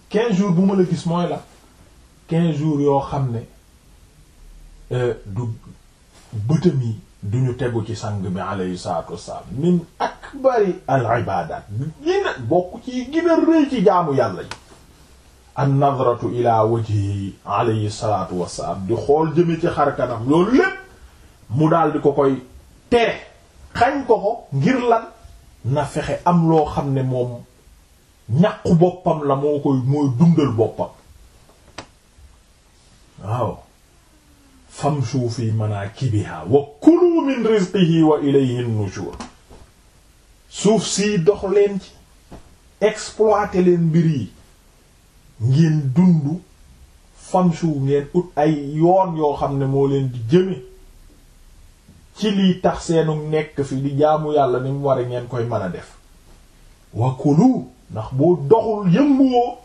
quinze jours bu ma la mooy la quinze jours yoo xam ne euh, du bëtam yi duñu tegu ci sang bi alayhi salatu wassalam min akbari al ibadat gina bokk ci gina rëy ci jaamu yàlla yi an nadratu ila wajhi alayhi salatu wassalam di xool jëme ci xar loolu lépp mu daldi di ko koy tere xañ ko ko ngir lan na fexe am loo xam ne moom ñaqu boppam la moo koy mooy dundal boppam waaw famshu fi manakibiha wa kulu min rizqihi wa ilayhi nushur suuf sii dox leen ci exploiter leen mbir yi ngeen dund famshu ngeen ut ay yoon yoo xam ne moo leen di jëme ci lii tax seenu nekk fi di jaamu yàlla ni mu war a ngeen koy mën a def wa kulu ndax boo doxul yënguwoo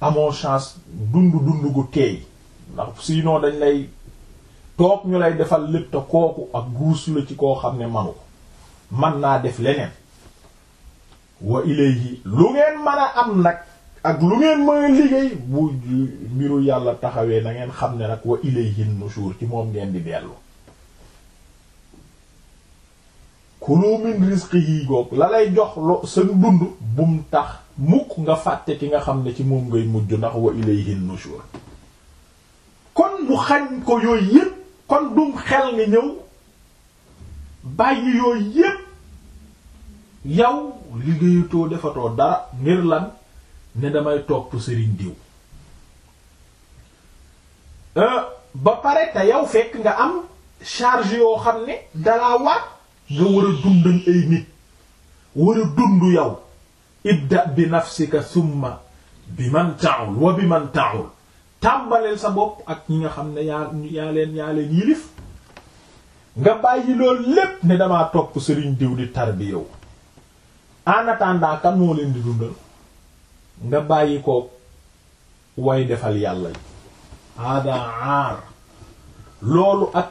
amoo chance dund dund gu teey ndax sinon dañ lay toog ñu lay defal lépp te kooku ak guus la ci koo xam ne manu ko man naa def leneen wa ilayhi lu ngeen mën a am nag ak lu ngeen mën a liggéey bu mbiru yàlla taxawee na ngeen xam ne nag wa ilayhi nushur ci moom ngeen di dellu kulu min rizqihi goog la lay jox lo seen dund bum tax mukk nga fàtte ki nga xam ne ci moom ngay mujj ndax wa ilayhi nushur kon mu xañ ko yooyu yépp kon dum xel nga ñëw bàyyi yooyu yépp yow liggéeyutoo defatoo dara ngir lan ne damay topp sëriñ diw euh, ba pare te yow fekk nga am charge yoo xam ne dalaa waat nga war a dundal ay nit war a dund yow ibda bi nafsika summa bi man ta'ul wa bi man ta'ul tàmbaleel sa bopp ak ñi nga xam ne yaa yaa leen yaa leen yilif nga bàyyi loolu lépp ne damaa topp sëriñ diw di tarbiyaw en attendant kan moo leen di dundal nga bàyyi ko way defal yàlla yi aada aar loolu ak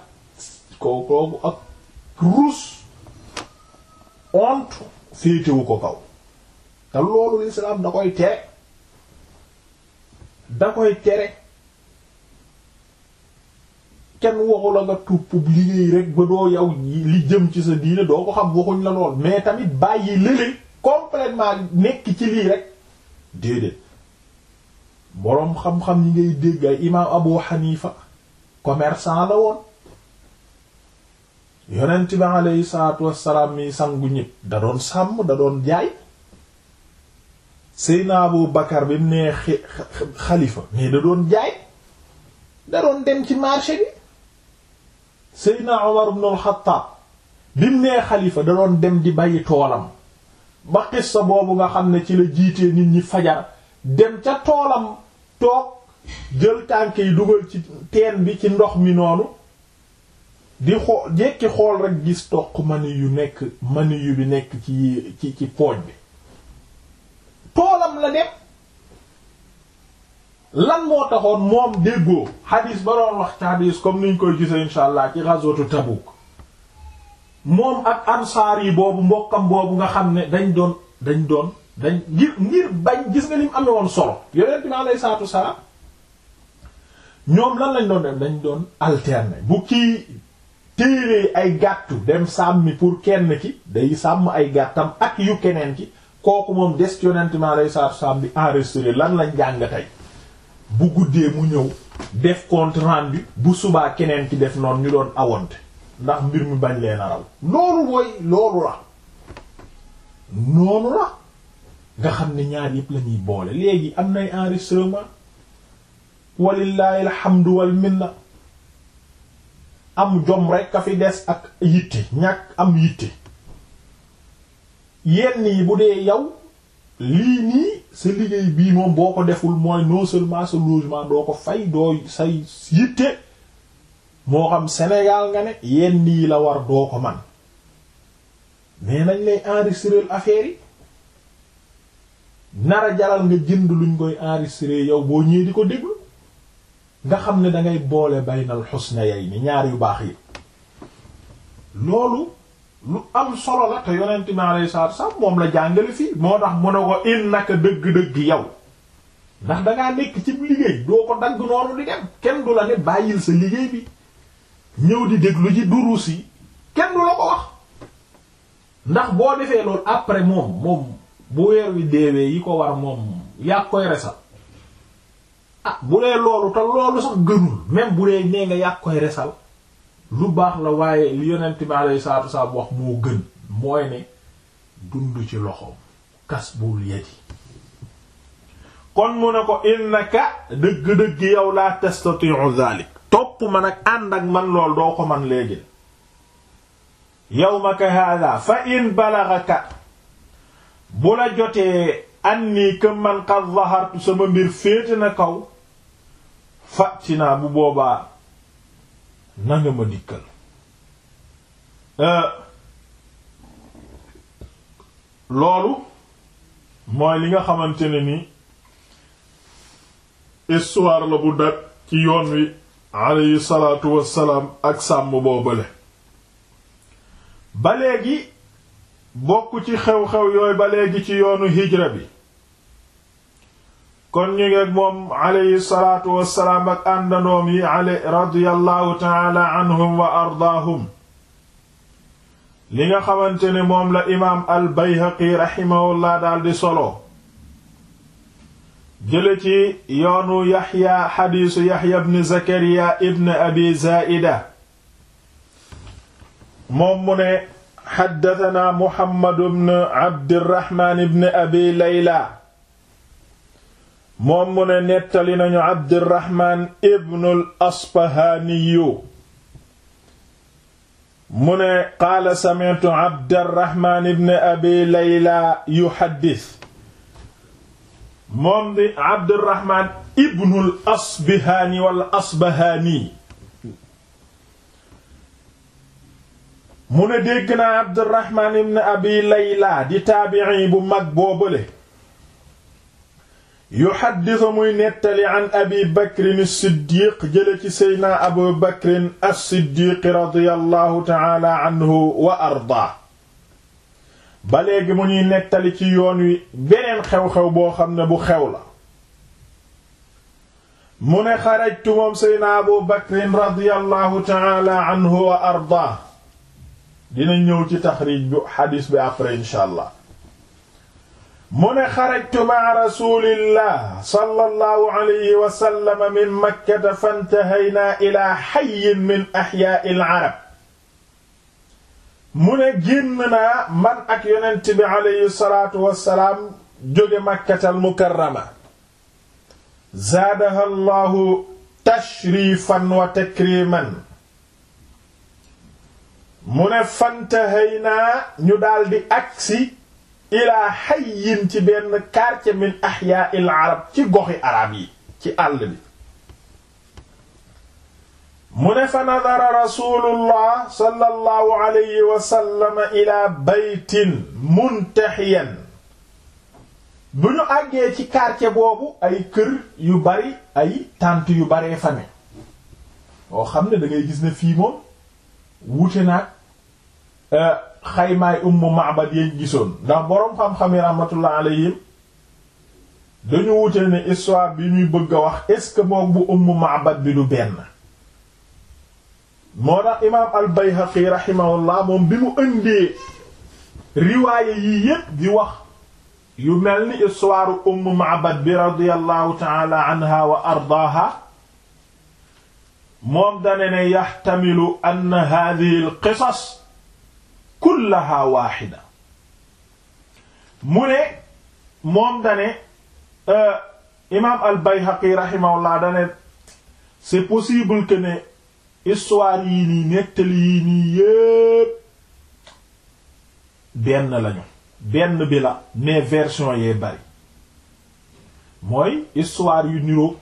kooku ak ruus honte féetewu ko kaw te loolu lislaam da koy tere da koy tere kenn waxu la nga tuub liggéey rek ba doo yow li jëm ci sa diine doo ko xam waxuñ la lool mais tamit bàyyi lële complètement nekk ci lii rek déedéet boroom xam-xam yi ngay dégg ay imaam Abu Hanifa commerçant la woon yonent bi aleyhi salaatu wassalaam mi sangu ñépp da doon sàmm da doon jaay Seydina Abu bi mu nee xalifa mais da doon jaay da doon dem ci marché bi Seydina Umar ibn bi mu nee xalifa da doon dem di bàyyi toolam ba xissa boobu nga xam ne ci la jiitee nit ñi fajar dem ca toolam toog jël tànk yi dugal ci teen bi ci ndox mi noonu di xool jekki xool rek gis toq mani yu nekk mani yu bi nekk ci ci ci pooj bi toolam la dem lan moo taxoon moom déggoo xadiis ba doon wax ci xadiis comme niñ koy gisee insha allah ci ghazwatu Tabuk moom ak ansaar yi boobu mbokkam boobu nga xam ne dañ doon dañ doon dañ ngir ngir bañ gis nga ni mu amee woon solo yonent bi alayhi salaatu salaam ñoom lan lañ doon dem dañ doon alterner bu kii téere ay gàttu dem sàmmi pour kenn ki day sàmm ay gàttam ak yu keneen ki kooku moom des yonent mi alayhi salaatu bi enregistré lan lañ jàng tey bu guddee mu ñëw def compte bi bu subaa keneen ki def noonu ñu doon awante ndax mbir mi bañ leen a raw loolu mooy loolu la noonu la nga xam ne ñaar yëpp la boole léegi am nay enregistrement walillahi alhamdu wal minna am jom rekk a fi des ak yitte ñàkk am yitte yenn yi bu dee yow lii nii sa liggéey bii moom boo ko deful mooy non seulement sa logement doo ko fay doo sa yitte moo xam Sénégal nga ne yenn yi la war doo ko man mais nañ lay enregistrer affaire yi nara jaral nga jënd luñ koy enregistrer yow boo ñëwee di ko déglu nga xam ne dangay boole baynal husnayayni ñaar yu baax yi loolu lu am solo la te yonent mi alayhi salaatu moom la jàngale fii moo tax mu ne ko innaka dëgg-dëgg yow ndax dangaa nekk ci liggéey doo ko dagg noonu di dem kenn du la ne bàyyil sa liggéey bi ñëw di déglu ci duruus yi kenn du la ko wax ndax boo defee loolu après moom moom bu weer wi deewee yi ko war moom yaa koy resal ah bu dee loolu te loolu sax gënul même bu dee nee nga yàq koy resal lu baax la waaye li yonent bi alayhi salaatu wasalaam wax moo gën mooy ne dund ci loxoom kas bul yeti kon mu ne ko innaka dëgg-dëgg yow laa tastati'u zalik topp man ak ànd ak man lool doo ko man léegi yawmaka hada fa in balaghaka bu la jotee anni ka man qad zahartu sama mbir féete na kaw fàttinaa bu boobaa nanga ma dikkal euh, loolu mooy li nga xamante ne ni histoire la bu dag ci yoon wi aleyhi salaatu wassalaam ak sàmm boobale ba léegi bokk ci xew-xew yooyu ba léegi ci yoonu hijra bi kon ñu ngeeg moom alayhi salaatu wassalaam ak àndandoom yi ale radiyallahu taala anhum wa ardaahum li nga xamante ne moom la imaam al bayhaqi raximahullah daldi solo jële ci yoonu yaxya xadiisu yaxya zakariya ibn abi zaida moom mu ne xaddatanaa muhammad ibn abi layla moom mu ne nettali nañu abdirahman ibnul aspahaaniyu mu ne qaala sami'tu abdirahman ibn abi layla yuhaddis moom di abdirahman ibnul ibn abi layla di taabi'i bu mag boobale yuxaddisu muy nettali an abi bakrin as-siddiq jële ci seydna abu bakrin as-siddiq radiyallahu taala anhu wa arda ba léegi mu ñuy nettali ci yoon wi beneen xew-xew boo xam ne bu xew la mu ne xarajtu moom seydna abu bakrin radiyallahu taala anhu wa arda dina ñëw ci taxriij bu xadiis bi après incha allah mu ne xarajtu ma'a rasulillah sallallahu alayhi wa sallam min makkata fantahaynaa ilaa hayyin min ahyaa'il arab mu ne génn naa man ak yonent bi alayhi salaatu wassalaam jóge makkatal mukarrama zaadaha allahu tashrifan wa takriman mu ne fantahaynaa ñu daldi agsi ilaa hayyin ci benn quartier min ahyaa'il arab ci goxi arab yi ci àll bi mu ne fa nadara rasulullah sallallahu alayhi wa sallam ila muntahiyan bu ñu àggee ci quartier boobu ay kër yu bari ay tànt yu baree fa ne boo xam ne da gis ne fii moom wuute naag euh, xaymaay ummu maabad yañ gisoon ndax boroom xam-xam yi rahmatullah alayhim dañu wute ne histoire bi ñuy bëgg a wax est-ce que bu ummu maabad bi du benn moo tax imaam al-Bayhaqi rahimahullah moom bi mu ëndee riwaaye yii yépp di wax yu mel ni histoire ummu maabad bi radiyallahu ta'ala wa ardaaha moom dane ne yaxtamilu anna al-qisas kullaha waaxida mu ne moom dane euh, imaam al Bayhaqi rahimahullah dane c'est possible que ne histoire yii nii nettali yii nii yépp benn lañu benn bi la mais version yee bari mooy histoire yu niroog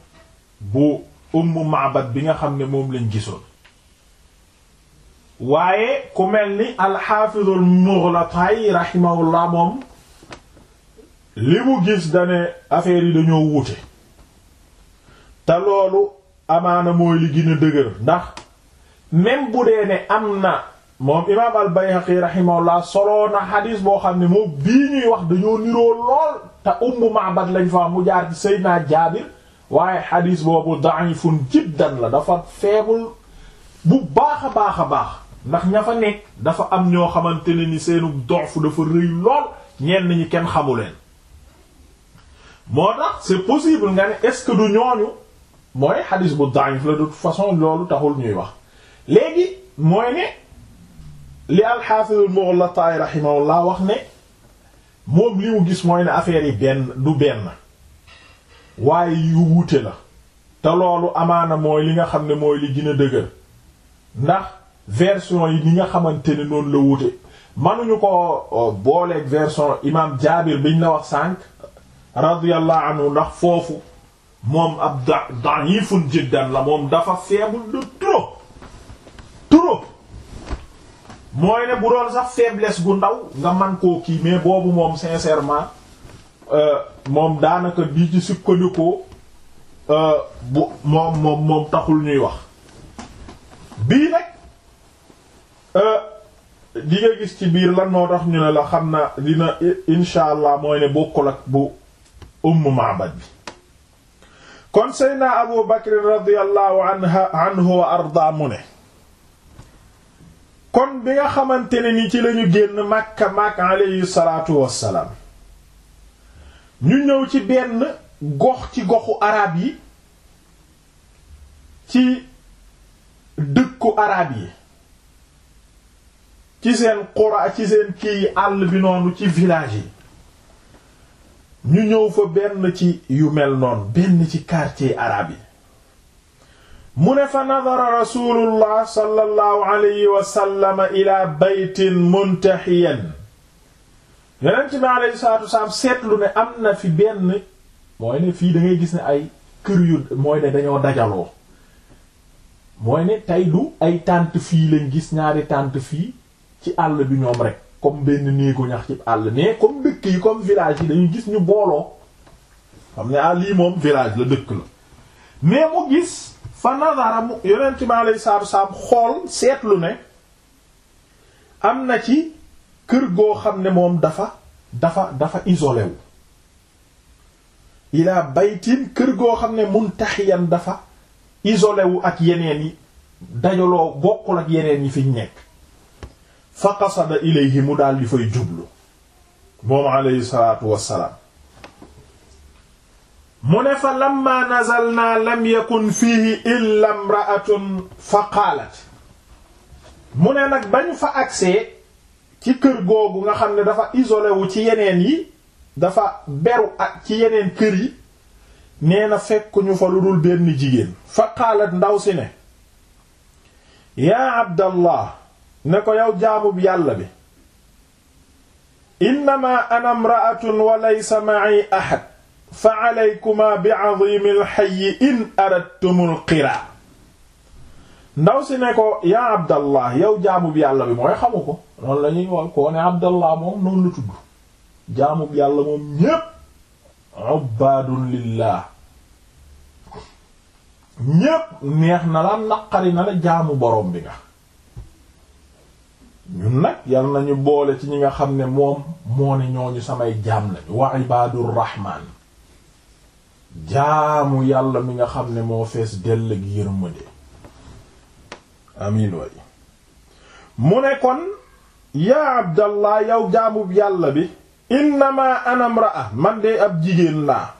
bu Umm Ma'bad bi nga xam ne moom lañ gisoo waaye ku mel ni alxaafidul Mughlatay rahimahullah moom li mu gis dane affaire yi dañoo wuute te loolu amaana mooy li gën a dëgër ndax même bu dee ne am na moom imaam al-Bayhaqi rahimahullah soloo na xadiis boo xam ne moo bii ñuy wax dañoo niroo lool te Ummu Ma'bad lañ fa mu jaar ci Seydina Jaabir waaye xadiis boobu daa da'ifun jiddan la dafa faible bu baax a baax a baax ndax ña fa nekk dafa am ñoo xamante ne ni seenu dof dafa rëy lool ñenn ñi kenn xamu leen moo tax c'est possible nga ne est-ce que du ñooñu mooy xadis bu da'if la de toute façon loolu taxul ñuy wax léegi mooy ne li al-Hafiz al-Mughallati rahimahullah wax ne moom li mu gis mooy ne affaire yi benn du benn waaye yu wuute la te loolu amaana mooy li nga xam ne mooy li gën a dëgër ndax version yi ni nga xamante ne noonu la wute manuñu ko oh, booleeg version imam Jaabir biñ la wax sànq radiyallahu anhu ndax foofu moom ab da da'ifun jiddan la moom dafa faible de trop trop mooy ne bu doon sax faiblesse gu ndaw nga man koo kii mais boobu moom sincèrement euh, moom daanaka bii ci sukkandikoo euh, bu moom moom moom taxul ñuy wax bii nag Euh, di gis ci biir lan moo tax ñu ne la xam na dina insha allah mooy ne bokkul ak bu umm Ma'bad bi kon Seydina Abu Bakr radiyallahu anhu wa mu ne kon bi nga xamante ne ni ci lañu génn Makka màkk alayhi salaatu wassalaam ñu ñëw ci benn gox ci goxu arab yi ci dëkku araab yi ci seen xuraa ci seen kii àll bi noonu ci village yi ñu ñëw fa benn ci yu mel noonu benn ci quartier arabe yi mu ne fa nadara rasulullah sallallahu alayhi wa sallam ila baytin salaatu wasalaam seetlu ne am na fi benn mooy ne fii da gis ne ay kër yu mooy ne dañoo dajaloo mooy ne tey du ay tànt fii lañ gis ñaari tànt fii ci àll bi ñoom rekk comme benn néegu ñax ci àll mais comme dëkk yi comme village yi dañu gis ñu booloo xam ne ah lii moom village la dëkk la mais mu gis fa nazara mu yonent bi alayhi salaatu salaam xool seetlu ne am na ci kër goo xam ne moom dafa dafa dafa isolé wu ilaa baytin kër goo xam ne muntaxiyan dafa isolé ak yeneen yi dajaloo bokkul ak yeneen yi fiñ nekk fa qasada ilayhi mu daal di fay jublu moom alayhi salaatu wassalaam mu ne fa lamma nazalna lam yakun fii illa imra'atun fa qaalat mu ne nag bañ fa agsee ci kër googu nga xam ne dafa isolé ci yeneen yi dafa beru ak ci yeneen kër yi nee na fekk fa lu dul benn jigéen fa qaalat ndaw si ne yaa abdallah ne ko yow jaamub yàlla bi innama ana imra'atun wa laysa ma'i ahad fa alaykuma bi 'azimil hayy in aradtumul qiraa ndaw si ne ko yaa abdallah yow jaamub yàlla mooy xamuko ko la ñuy wax koo abdallah moom noonu la tudd jaamub yàlla moom ñépp ubbaadun neex na naqari na la jaamu borom bi nga yal nañu boole ci ñi nga xam ne moom moo ne ñooñu samay jaam lañu wa ibadur rahman jaamu yàlla mi nga xam ne moo fees dell ak yërmande amiin waay mu ne kon yaa abdallah yow jaamub yàlla bi innama anam ra'a man de ab jigéen laa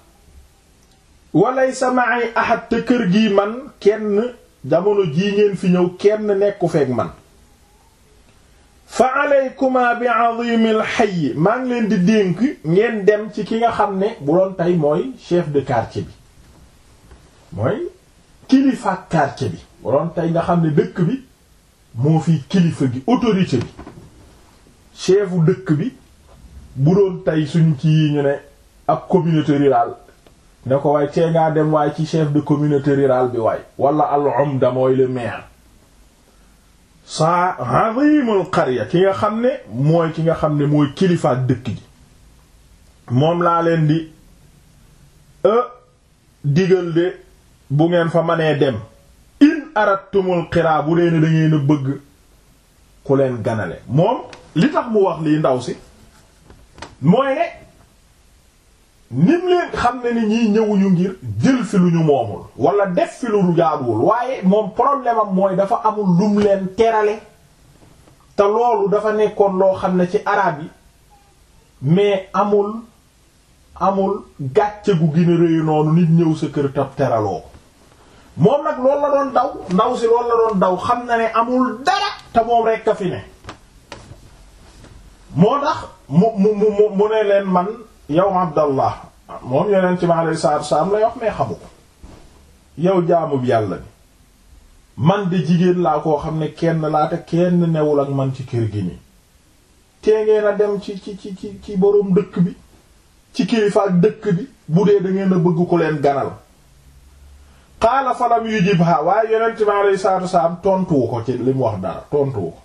walaysa ma'i ahad te kër gi man kenn jamono jii ngeen fi ñëw kenn nekku feek man fa alaykuma bi azimil hayy maa ngi leen di dénk ngeen dem ci ki nga xam ne bu doon tey mooy chef de quartier bi mooy kilifa quartier bi bu doon tey nga xam ne dëkk bi moo fi kilifa gi autorité bi chefu dëkk bi bu doon tey suñu ci yi ñu ne ab communauté rurale ne ko waaye tee ngaa dem waaye ci chef de communauté rurale bi waaye wala al umda mooy le maire saa azimul qarya ki nga xam ne mooy ki nga xam ne mooy kilifa dëkk ji moom laa leen di e digal bu ngeen fa manee dem in arattumul qiraa bu leen da ngeen bëgg ku leen ganale moom li tax mu wax lii ndaw si mooy ne nim leen xam ne ni ñiy ñëwuñu ngir jël fi lu ñu moomul wala def fi lu jaaduwul waaye moom problème am mooy dafa amul lum leen terale te loolu dafa nekkoon loo xam ne ci araab yi mais amul amul gàcce gu gën a rëy noonu nit ñëw sa kër teraloo moom nag loolu la doon daw ndaw si loolu la doon daw xam na ne amul dara te moom rekk fi ne moo tax mu mu mu mu ne leen man yow abdallah moom yonent bi alayhi salaatu salaam lay wax mais xamu ko yow jaamu yàlla bi man de jigéen laa koo xam ne kenn laa te kenn newul ak man ci kër gi nii tee ngeen a dem ci ci ci ci boroom dëkk bi ci kilifa ak dëkk bi bu dee da ngeen a bëgg ko leen ganal xaala falam yu jib ha waaye yonent bi alayhi salaatu salaam tontuwu ko ci li mu wax dara tontuwu ko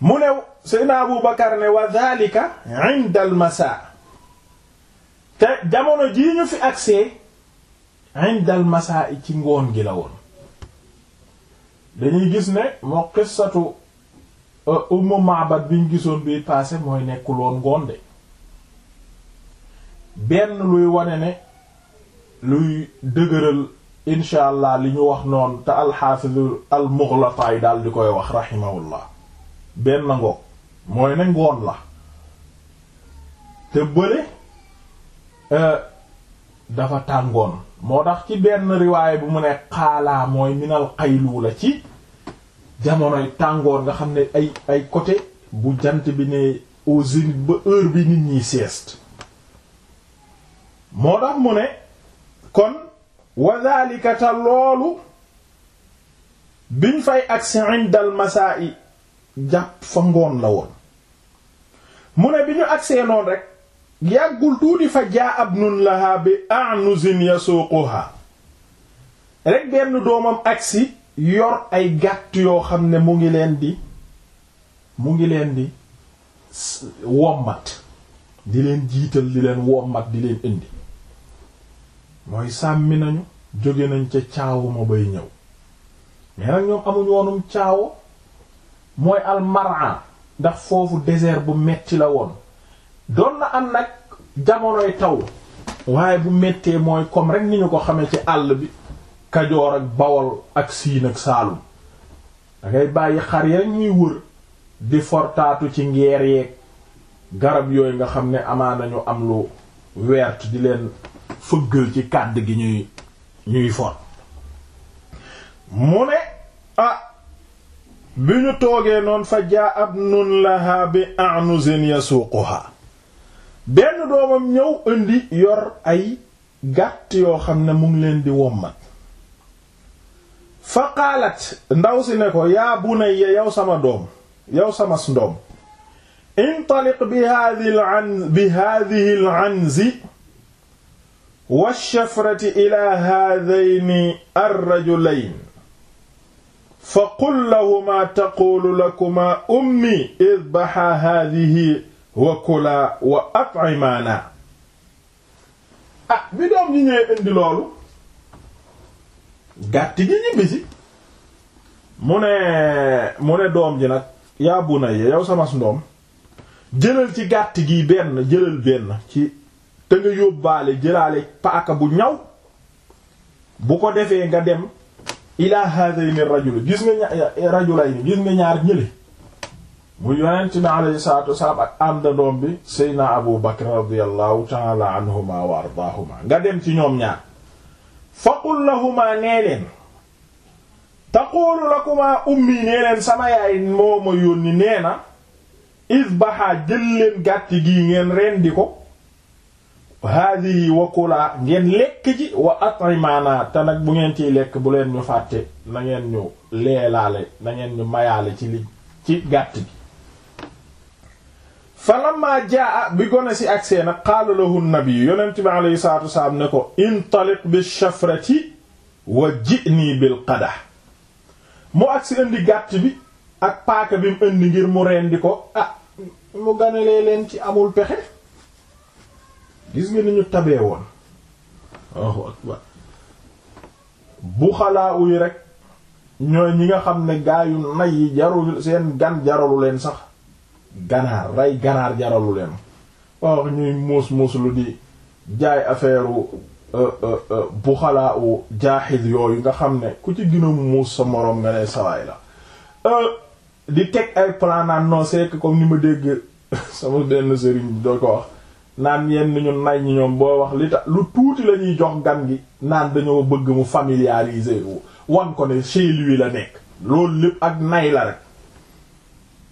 mu new Seydina Abu ne wa dhalika 'inda masaa te jamono ji ñu fi agsee indal masaa i ci ngoon gi la woon dañuy gis ne moo xissatu euh, Ummu Ma'bad biñ gisoon bii passé mooy nekkuloon ngoon de benn luy wone ne luy dëgëral incha allah li ñu wax noonu te alxaafizu almughlataay daal di koy wax rahimahullah benn ngoog mooy ne ngoon la te bële Euh, dafa tàngoon moo tax ci benn riwaay bu mu ne xaalaa mooy minal xaylu la ci jamonoy tàngoor nga xam ne ay ay côté bu jant bi ne au ba heure bi nit ñiy sees moo tax mu ne kon wa zalika ta loolu biñ fay agsi indal masaa i jàpp fa ngoon la woon mu ne bi ñu agsee noonu rek yàggul tuuti fa jaa ab nun lahaa bi anuzin yasuquha rek benn doomam agsi yor ay gàtt yoo xam ne mu ngi leen di mu ngi leen di wommat di leen jiital di leen wombat di leen indi mooy sàmmi nañu jóge nañ ca caawu bay ñëw mais nag ñoom amuñ caawo mooy almara ndax foofu désert bu metti la woon doon na am nag jamonoy taw waaye bu mettee mooy comme rek ni ñu ko xamee ci àll bi kajoor ak bawol ak siin ak saalum dangay bàyyi xar ya ñuy wër di fortaatu ci ngeer yeeg garab yooyu nga xam ne amaa nañu am lu wert di leen fëggal ci kàdd gi ñuy ñuy for mu ne ah bi ñu toogee noon fa jaa ab nun laha bi anuzin yasuquha benn doomam ñëw indi yor ay gàtt yoo xam ne mu ngi leen di wommat fa qaalat ndaw si ne ko yaa bunayya yow sama doom yow sama ndoom intaliq bi hadhihi al bi hadhihi al anzi wa ila hadhayni ar fa qul lahuma taqulu lakuma ummi idbaha hadhihi wa kula wa at'imaana ah bi doom ñi ñëwee indi loolu gàtt gi ñibbi si mu ne mu ne doom ji nag yaa bu na yow sama ndoom jëlal ci gàtt gi benn jëlal benn ci te nga yóbbaale jëlaale paaka bu ñaw bu ko defee nga dem ilaa haadayni rajul gis nga gis nga ñaar ñële mu yonent bi alayhi salaatu wasalaam ak àndandoom bi seydna abu bakr radiallahu taala anhuma wa ardaahuma nga dem ci ñoom ñaar faqul lahuma nee leen taqulu lakuma ummi nee leen sama yaay moo yónni nee na isbaha jël leen gàtt gii ngeen rendi ko haadihi wa kulaa ngeen lekk ji wa atrimaana te nag bu ngeen ciy lekk bu leen ñu fàtte na ngeen ñu leelaale na ngeen ñu mayaale ci li ci gàtt gi fa lamma jaa bi gone si agsee na qaala lahu nabi yonent bi alayhi salaatu wasalaam ne ko intaliq bi shafrati wa ji'ni bil qadah mu agsi indi gàtt bi ak paaka bi mu indi ngir mu rendi ko ah mu ganalee leen ci amul pexe gis nga ni ñu tabee woon Allahu bu xalaa uy rek ñooy ñi nga xam ne gaayu nay yi jaru seen gan jaralu leen sax ganaar rey ganaar jaralu leen waaw ñuy muus muus lu di jaay affaire bu xalaa u euh, euh, euh, jaaxid yooyu nga xam ne ku ci gën muus sa moroom nga ne sawaay la di teg ay plan naan non c'est que comme ni ma dégg sama benn sëriñ doo ko wax naan yenn ñu nay ñi ñoom boo wax li tax lu tuuti la ñuy jox gan gi naan dañoo bëgg mu familiariser wan ko ne chez lui la nekk loolu lépp ak nay la rek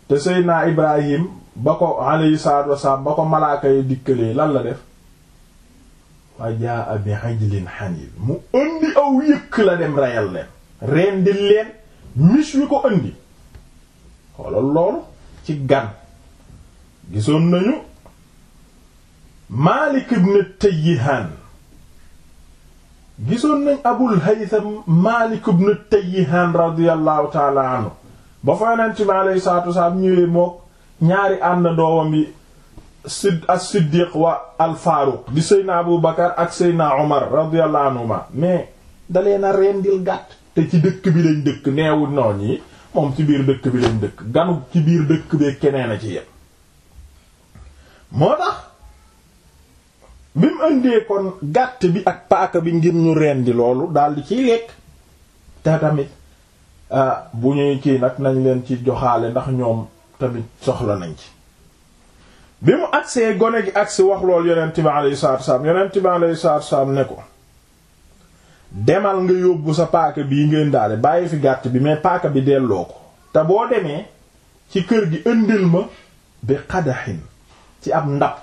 te seydna ibrahim ba ko alayhi salaatu wasalaam ba ko malaaka yi dikkalee lan la def fa jaa bi ajlin hanid mu indi aw yëkk la dem reyal leen rendil leen mis wi ko indi xoolal loolu ci gan gisoon nañu Maalik ibn Tayyihaan gisoon nañ Abul Haytham Maalik ibn Tayyihaan radiyallahu ta'ala ba fa yonent bi alayhi salaatu wasalaam mook ñaari ànd ndoowam yi sid as siddiq wa al di seyna abu ak seyna omar radiyallahu anhuma mais dalee na rendil gàtt te ci dëkk bi lañ dëkk neewu noon yi moom ci biir dëkk bi lañ dëkk ganu ci biir dëkk bee keneen a ci yépp moo tax bi mu indee kon gàtt bi ak paaka bi ngir ñu rendi loolu daldi ciy lekk te tamit Ah, bu ñuy kii nag nañ leen ci joxaale ndax ñoom tamit soxla nañ ci bi mu agsee gone gi agsi wax lool yonent bi alayhi salaatu salaam yonent bi alayhi salaatu saam ne ko demal nga yóbbu sa paaka bii ngeen daale bàyyi fi gàtt bi mais paaka bi delloo ko te boo demee ci kër gi indil ma bi xadaxin ci ab ndab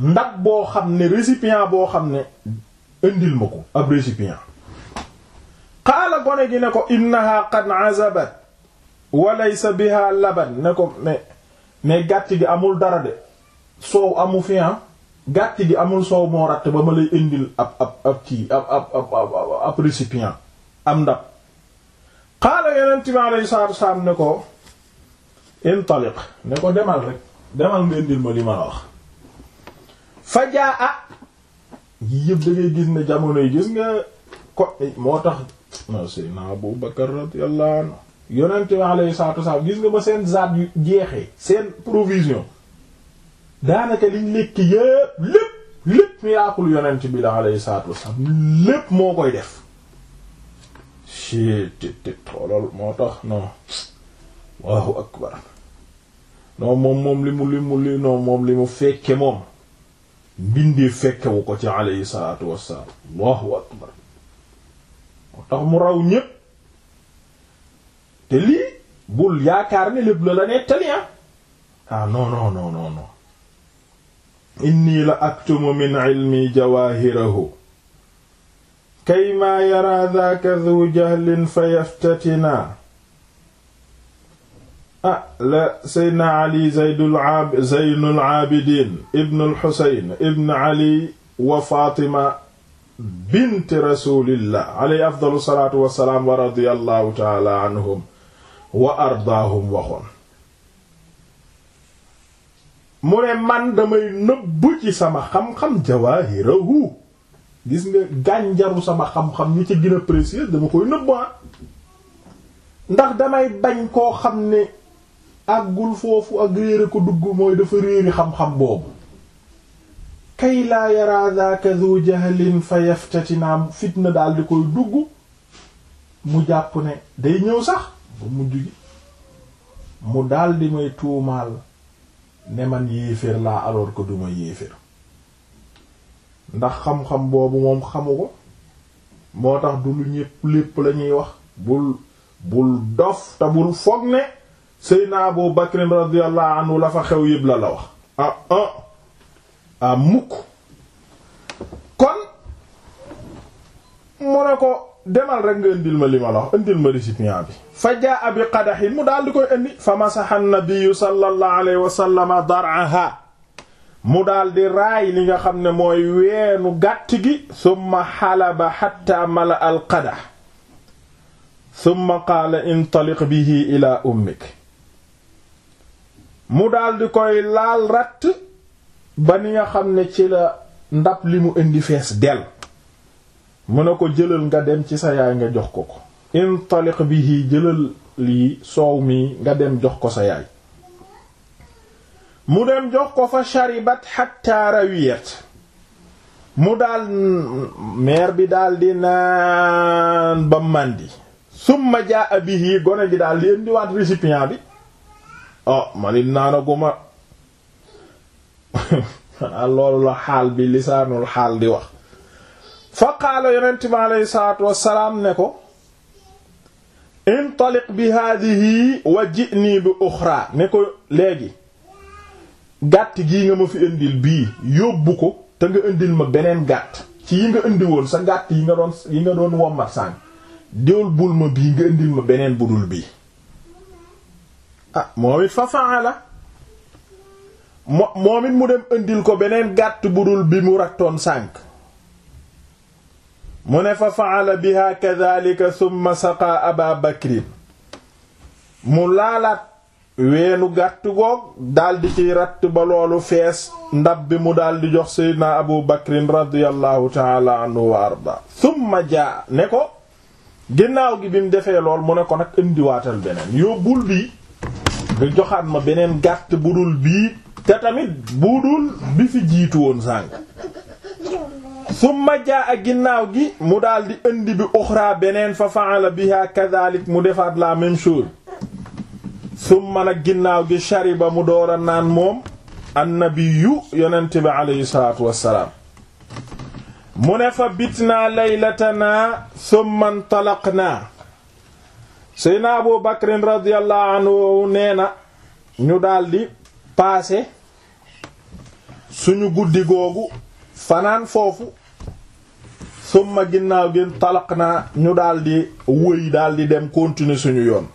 ndab boo xam ne récipient boo xam ne ëndil ma ko ab récipient la gone gi ne ko innaha qad azabat wa laysa biha laban ne ko mais mais gàtt gi amul dara de soow amu fi ah. gàtt gi amul soow moo ratt ba ma lay indil ab ab ab kii ab ab ab ab récipient am ndab xaala yonent bi ne ko intaliq ne ko demal rek demal nga indil ma li ma la wax fa jaa ah yii yëpp gis ne jamono yi gis nga ko moo tax Seydina Abu Bakar radiyallahu anhu yonent bi alayhi salaatu wasalaam gis nga ba seen zaat yu jeexee seen provision daanaka liñ lekk yépp lépp lépp miracle yonent bi la alayhi salaatu wasalaam lépp moo koy def ci tit tit xoolal moo tax non waaw akbar non moom li mu li mu li non moom li mu fekke moom mbindee fekkewu ko ci alayhi salaatu wasalaam waaw akbar tax mu raw ñépp te lii bul yaakaar ne lépp la la nettali ah, ah non non non non non inni la aktumu min ilmi jawahirahu kay ma yara dhaka dhu jahlin fayaftatina ah la seydna ali zaydul aab zeynul aabidin ibn al xuseyn ibn ali wa fatima bint rasulillah alayhi afdalu salaatu wassalaam wa radiyallahu taala anhum wa mu ne man damay nëbb ci sama xam-xam jawaahirahu gis nga gànjaru sama xam-xam ñi ci gën a précieux dama koy nëbb ah. ndax damay bañ koo xam ne àggul foofu ak réere ko dugg mooy dafa réeri xam-xam boobu kay laa yara fa zu jahlin fa yaftatina fitna daal di koy dugg mu jàpp ne day ñëw sax ba mujj gi mu daal di may tuumaal ne man yéeféer laa alors que duma yéeféer ndax xam-xam boobu moom xamu ko moo tax du lu ñépp lépp la ñuy wax bul bul dof te bul foog ne Seydina Abu Bakr radiyallahu anhu la fa xew yépp la la wax ah, ah. a kon mu ko demal rek nga indil ma li ma la wax indil ma bi fa jaa bi qadahin mu daal di koy indi fa masaha an-nabiy sallallahu dar'aha mu daal nga xam ne mooy weenu gàtt gi summa xalaba hatta mala al qadah summa qaala intaliq bihi ila ummik mu koy laal ratt ba ni nga xam ne ci la ndab li mu indi fees del mu ne ko jëlal nga dem ci sa yaay nga jox ko ko bi bihi jëlal lii soow mi nga dem jox ko sa yaay mu dem jox ko fa sharibat hatta rawiyat mu daal meer bi daal di naan ba màndi summa jaa bihi gone gi daal di indiwaat récipient bi oh ah, manit naanaguma Ah, loolu la xaal bi lisaanul xaal di wax fa qaala yonent bi aleyhi salaatu wassalaam ne ko intaliq bi haadihi wa ji ji'ni bi uxraa ne ko léegi gàtt gii nga ma fi indil bii yóbbu ko te nga indil ma beneen gàtt ci yi nga indi woon sa gàtt yi nga doon yi nga doon wommat sànq déwul bul ma bii nga indil ma beneen budul bii ah moom it fa faala mo moom mu dem indil ko beneen gàtt bu dul bi mu rattoon sànk mu ne fa faala biha kadhalika thumma saqa aba mu laalaat weenu gàtt goog daldi ci ratt ba loolu fees ndab bi mu daldi jox seydina abu bakrin radiyallahu taala anhu wa arda thumma jaa ne ko ginnaaw gi bi mu defee lool mu ne ko nag indiwaatal beneen yóbbul bii nga joxaat ma beneen gàtt bu dul bii te tamit budul fi jiitu woon sànq summa jaa a ginnaaw gi mu daldi di indi bi uxraa beneen fa fa'ala biha kadhalik mu defaat la même chose summa nag ginnaaw gi shariba mu door naan moom annabiyu yonente bi alayhi salaatu wassalaam mu ne fa bitnaa laylatanaa summa ntalaqnaa seyna abu bakrin radiyallahu anhu nee na ñu daldi paase suñu guddi googu fanaan foofu summa ginnaaw gi talaq naa ñu daldi wëy daldi dem continuer suñu yoon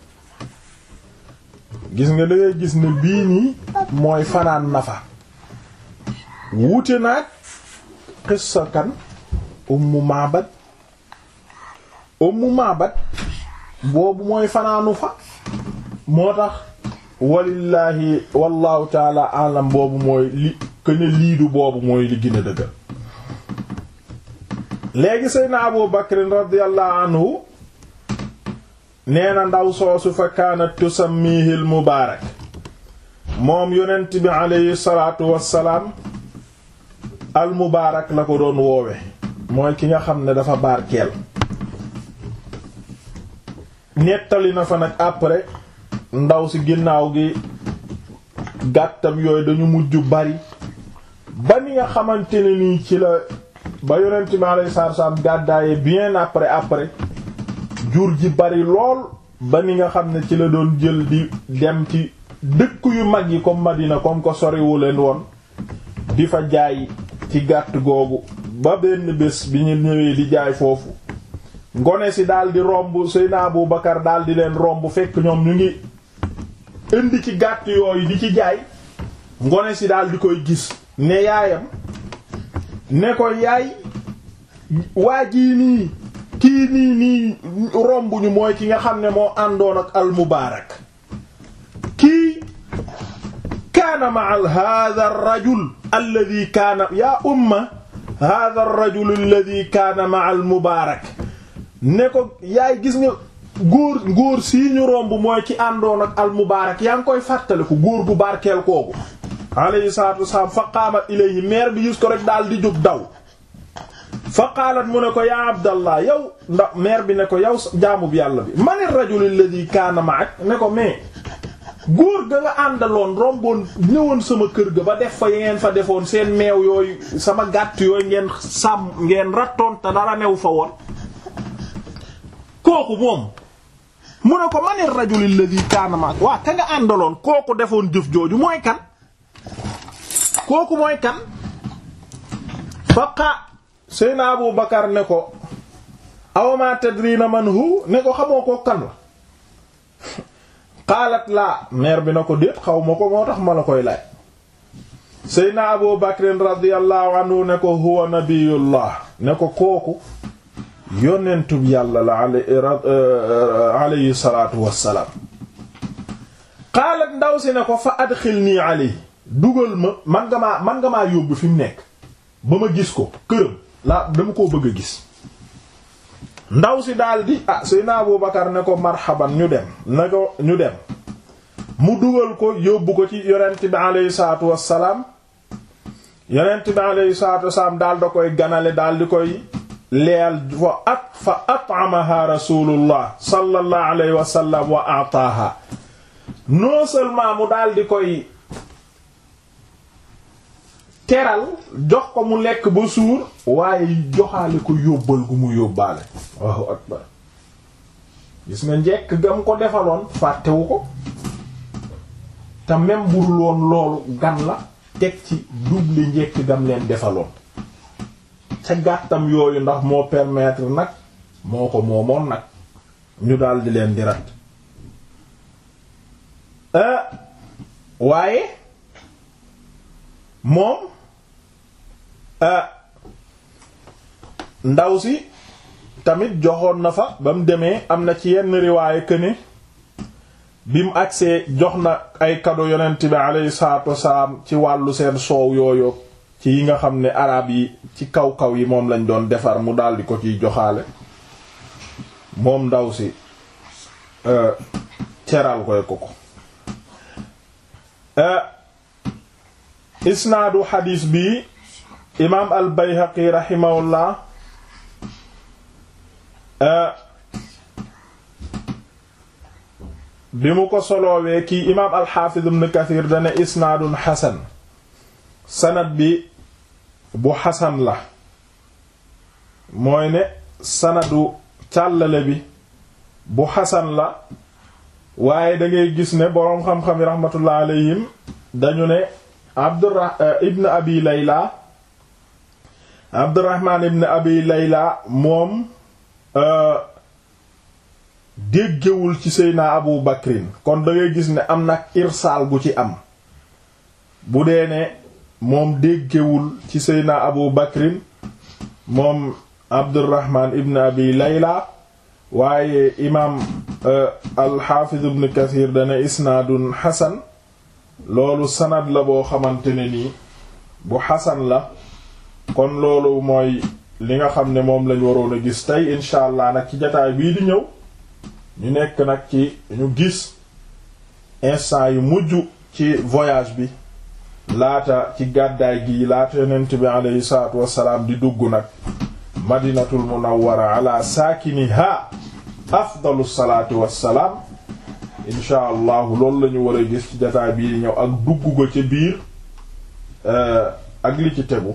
gis nga da ngay gis ni bii nii mooy fanaan nafa wuute naag xissa kan ummu maabat ummu maabat boobu mooy fanaanu fa moo tax walillaahi wallaahu taala alam boobu mooy li que ne boobu mooy li gën a dëgër léegi Seydina Abu Bakr radiyallahu anhu nee na ndaw soosu fa kaanat tusammihi al mubaarak moom yonent bi aleyhi salaatu wassalaam al mubaarak la ko doon woowe mooy ki nga xam ne dafa barkeel nettali na fa nag après ndaw si ginnaaw gi gàttam yooyu dañu mujj bari ba ni nga xamante ne nii ci la ba yonent mi alayhi salaatu salaam gàddaaye bien après après jur ji bari lool ba ni nga xam ne ci la doon jël di dem ci dëkk yu mag yi comme Madina comme ko soriwu leen woon di fa jaay ci gàtt googu ba benn bés bi ñu ñëwee di jaay foofu ngone si daal di romb Seydina Abu Bakar daal di leen romb fekk ñoom ñu ngi indi ci gàtt yooyu di ci jaay ngone si daal di koy gis ne yaayam ne ko yaay waa jii nii kii nii nii rombuñu mooy ki nga xam ne moo àndoon ak almubaarak kii kaana ma'a hadha ar-rajul alladhi kaana ya umma hadha ar-rajul alladhi kaana ma'a al-mubaarak ne ko yaay gis nga góor góor sii ñu romb mooy ki àndoon ak almubaarak yaa ngi koy fàttaliku góor gu barkeel koogu alayhi salaatu wasalaam fa qaamat ilayhi maire bi gis ko rek daal di jóg daw fa qaalat mu ne ko yaa abdallah yow ndax maire bi ne ko yow jaamub yàlla bi mani rajul alladhi kaana ma'ak ne ko mais góor ga nga àndaloon romboon ñëwoon sama kër ga ba def fa yi ngeen fa defoon seen meew yooyu sama gàtt yooyu ngeen sàmm ngeen rattoon te dara new fa woon kooku moom mu ne ko mani rajul alladhi kaana ma'ak waa ka nga àndaloon kooku defoon jëf jooju mooy kan kooku mooy kan faqa seyna Abu Bakar ne ko awma tadrina man hu ne ko xamoo ko la xaalat laa mère ko déet xaw ko moo tax ma la koy laaj seyna Abu Bakrin radiyallahu anhu ne ko huwa nabiyullah ne ko kooku yonentub yàlla la eh, alayhi salaatu wassalaam xaalat ndaw si ne ko fa adxil nii alayhi dugal ma man nga maa man nga maa yóbbu fi mu nekk ba ma gis ko këram laa dama koo bëgg a gis ndaw si daldi ah Seydina Abu ne ko marhaban ñu dem ne ko ñu dem mu dugal ko yóbbu ko ci yonent bi alayhi salaatu wassalaam yonent bi alayhi daal da koy ganale daal di koy leel fa at fa at'amaha rasulullah sallallahu alayhi wa ataaha non seulement mu daal koy teral jox ko mu lekk ba suur waaye joxaale ko yóbbal gu mu yóbbaale waaw akbar gis nga njekk gam ko defaloon fàttewu ko te même burul woon loolu gan la teg ci double njekk gam leen defaloon ca gàttam yooyu ndax moo permettre nag moo ko moomoon nag ñu daldi leen di rat euh, waaye moom Euh, ndaw si tamit joxoon na fa ba mu demee am na ci yenn riwaaye këne bi mu agsee jox na ay kado yonent bi alayhi salaatu wasalaam ci wàllu seen soow yooyu ci yi nga xam ne arab yi ci kaw kaw yi moom lañ doon defar mu daldi ko ciy joxaale moom ndaw si euh, ceral koy ko ko euh, isnaadu xadiis bi imaam al bayhaqi rahimahullah eh, bi mu ko soloowee kii imaam al xaafiz ibn kathir dane isnaadun xasan sanad bi bu xasan la mooy ne sanadu càllale bi bu xasan la waaye dangay gis ne boroom xam-xam yi rahmatullah alayhim dañu ne abdurrah eh, ibn abi layla Abdurrahman ibn Abi Layla moom euh, déggewul ci Seyna Abu Bakrin kon da gis ne am nag irsaal gu ci am bu dee ne moom déggewul ci Seyna Abu Bakrin moom Abdurrahman ibn Abi Layla waaye imaam euh, al-Hafiz ibn Kathir dana isnaadun xasan loolu sanad la boo xamante ne nii bu xasan la kon loolu mooy li nga xam ne moom lañu waroon a gis tey incha allah nag ci jataay bii di ñëw ñu nekk nag ci ñu gis instant yu mujj ci voyage bi laata ci gàddaay gi laata yonent bi aleyhi salaatu wassalaam di dugg nag madinatul munawwara ala saakiniha afdalu salaatu wassalaam incha allahu loolu lañu ñu war a gis ci jataay bii di ñëw ak dugg ko ci biir euh, ak li ci tegu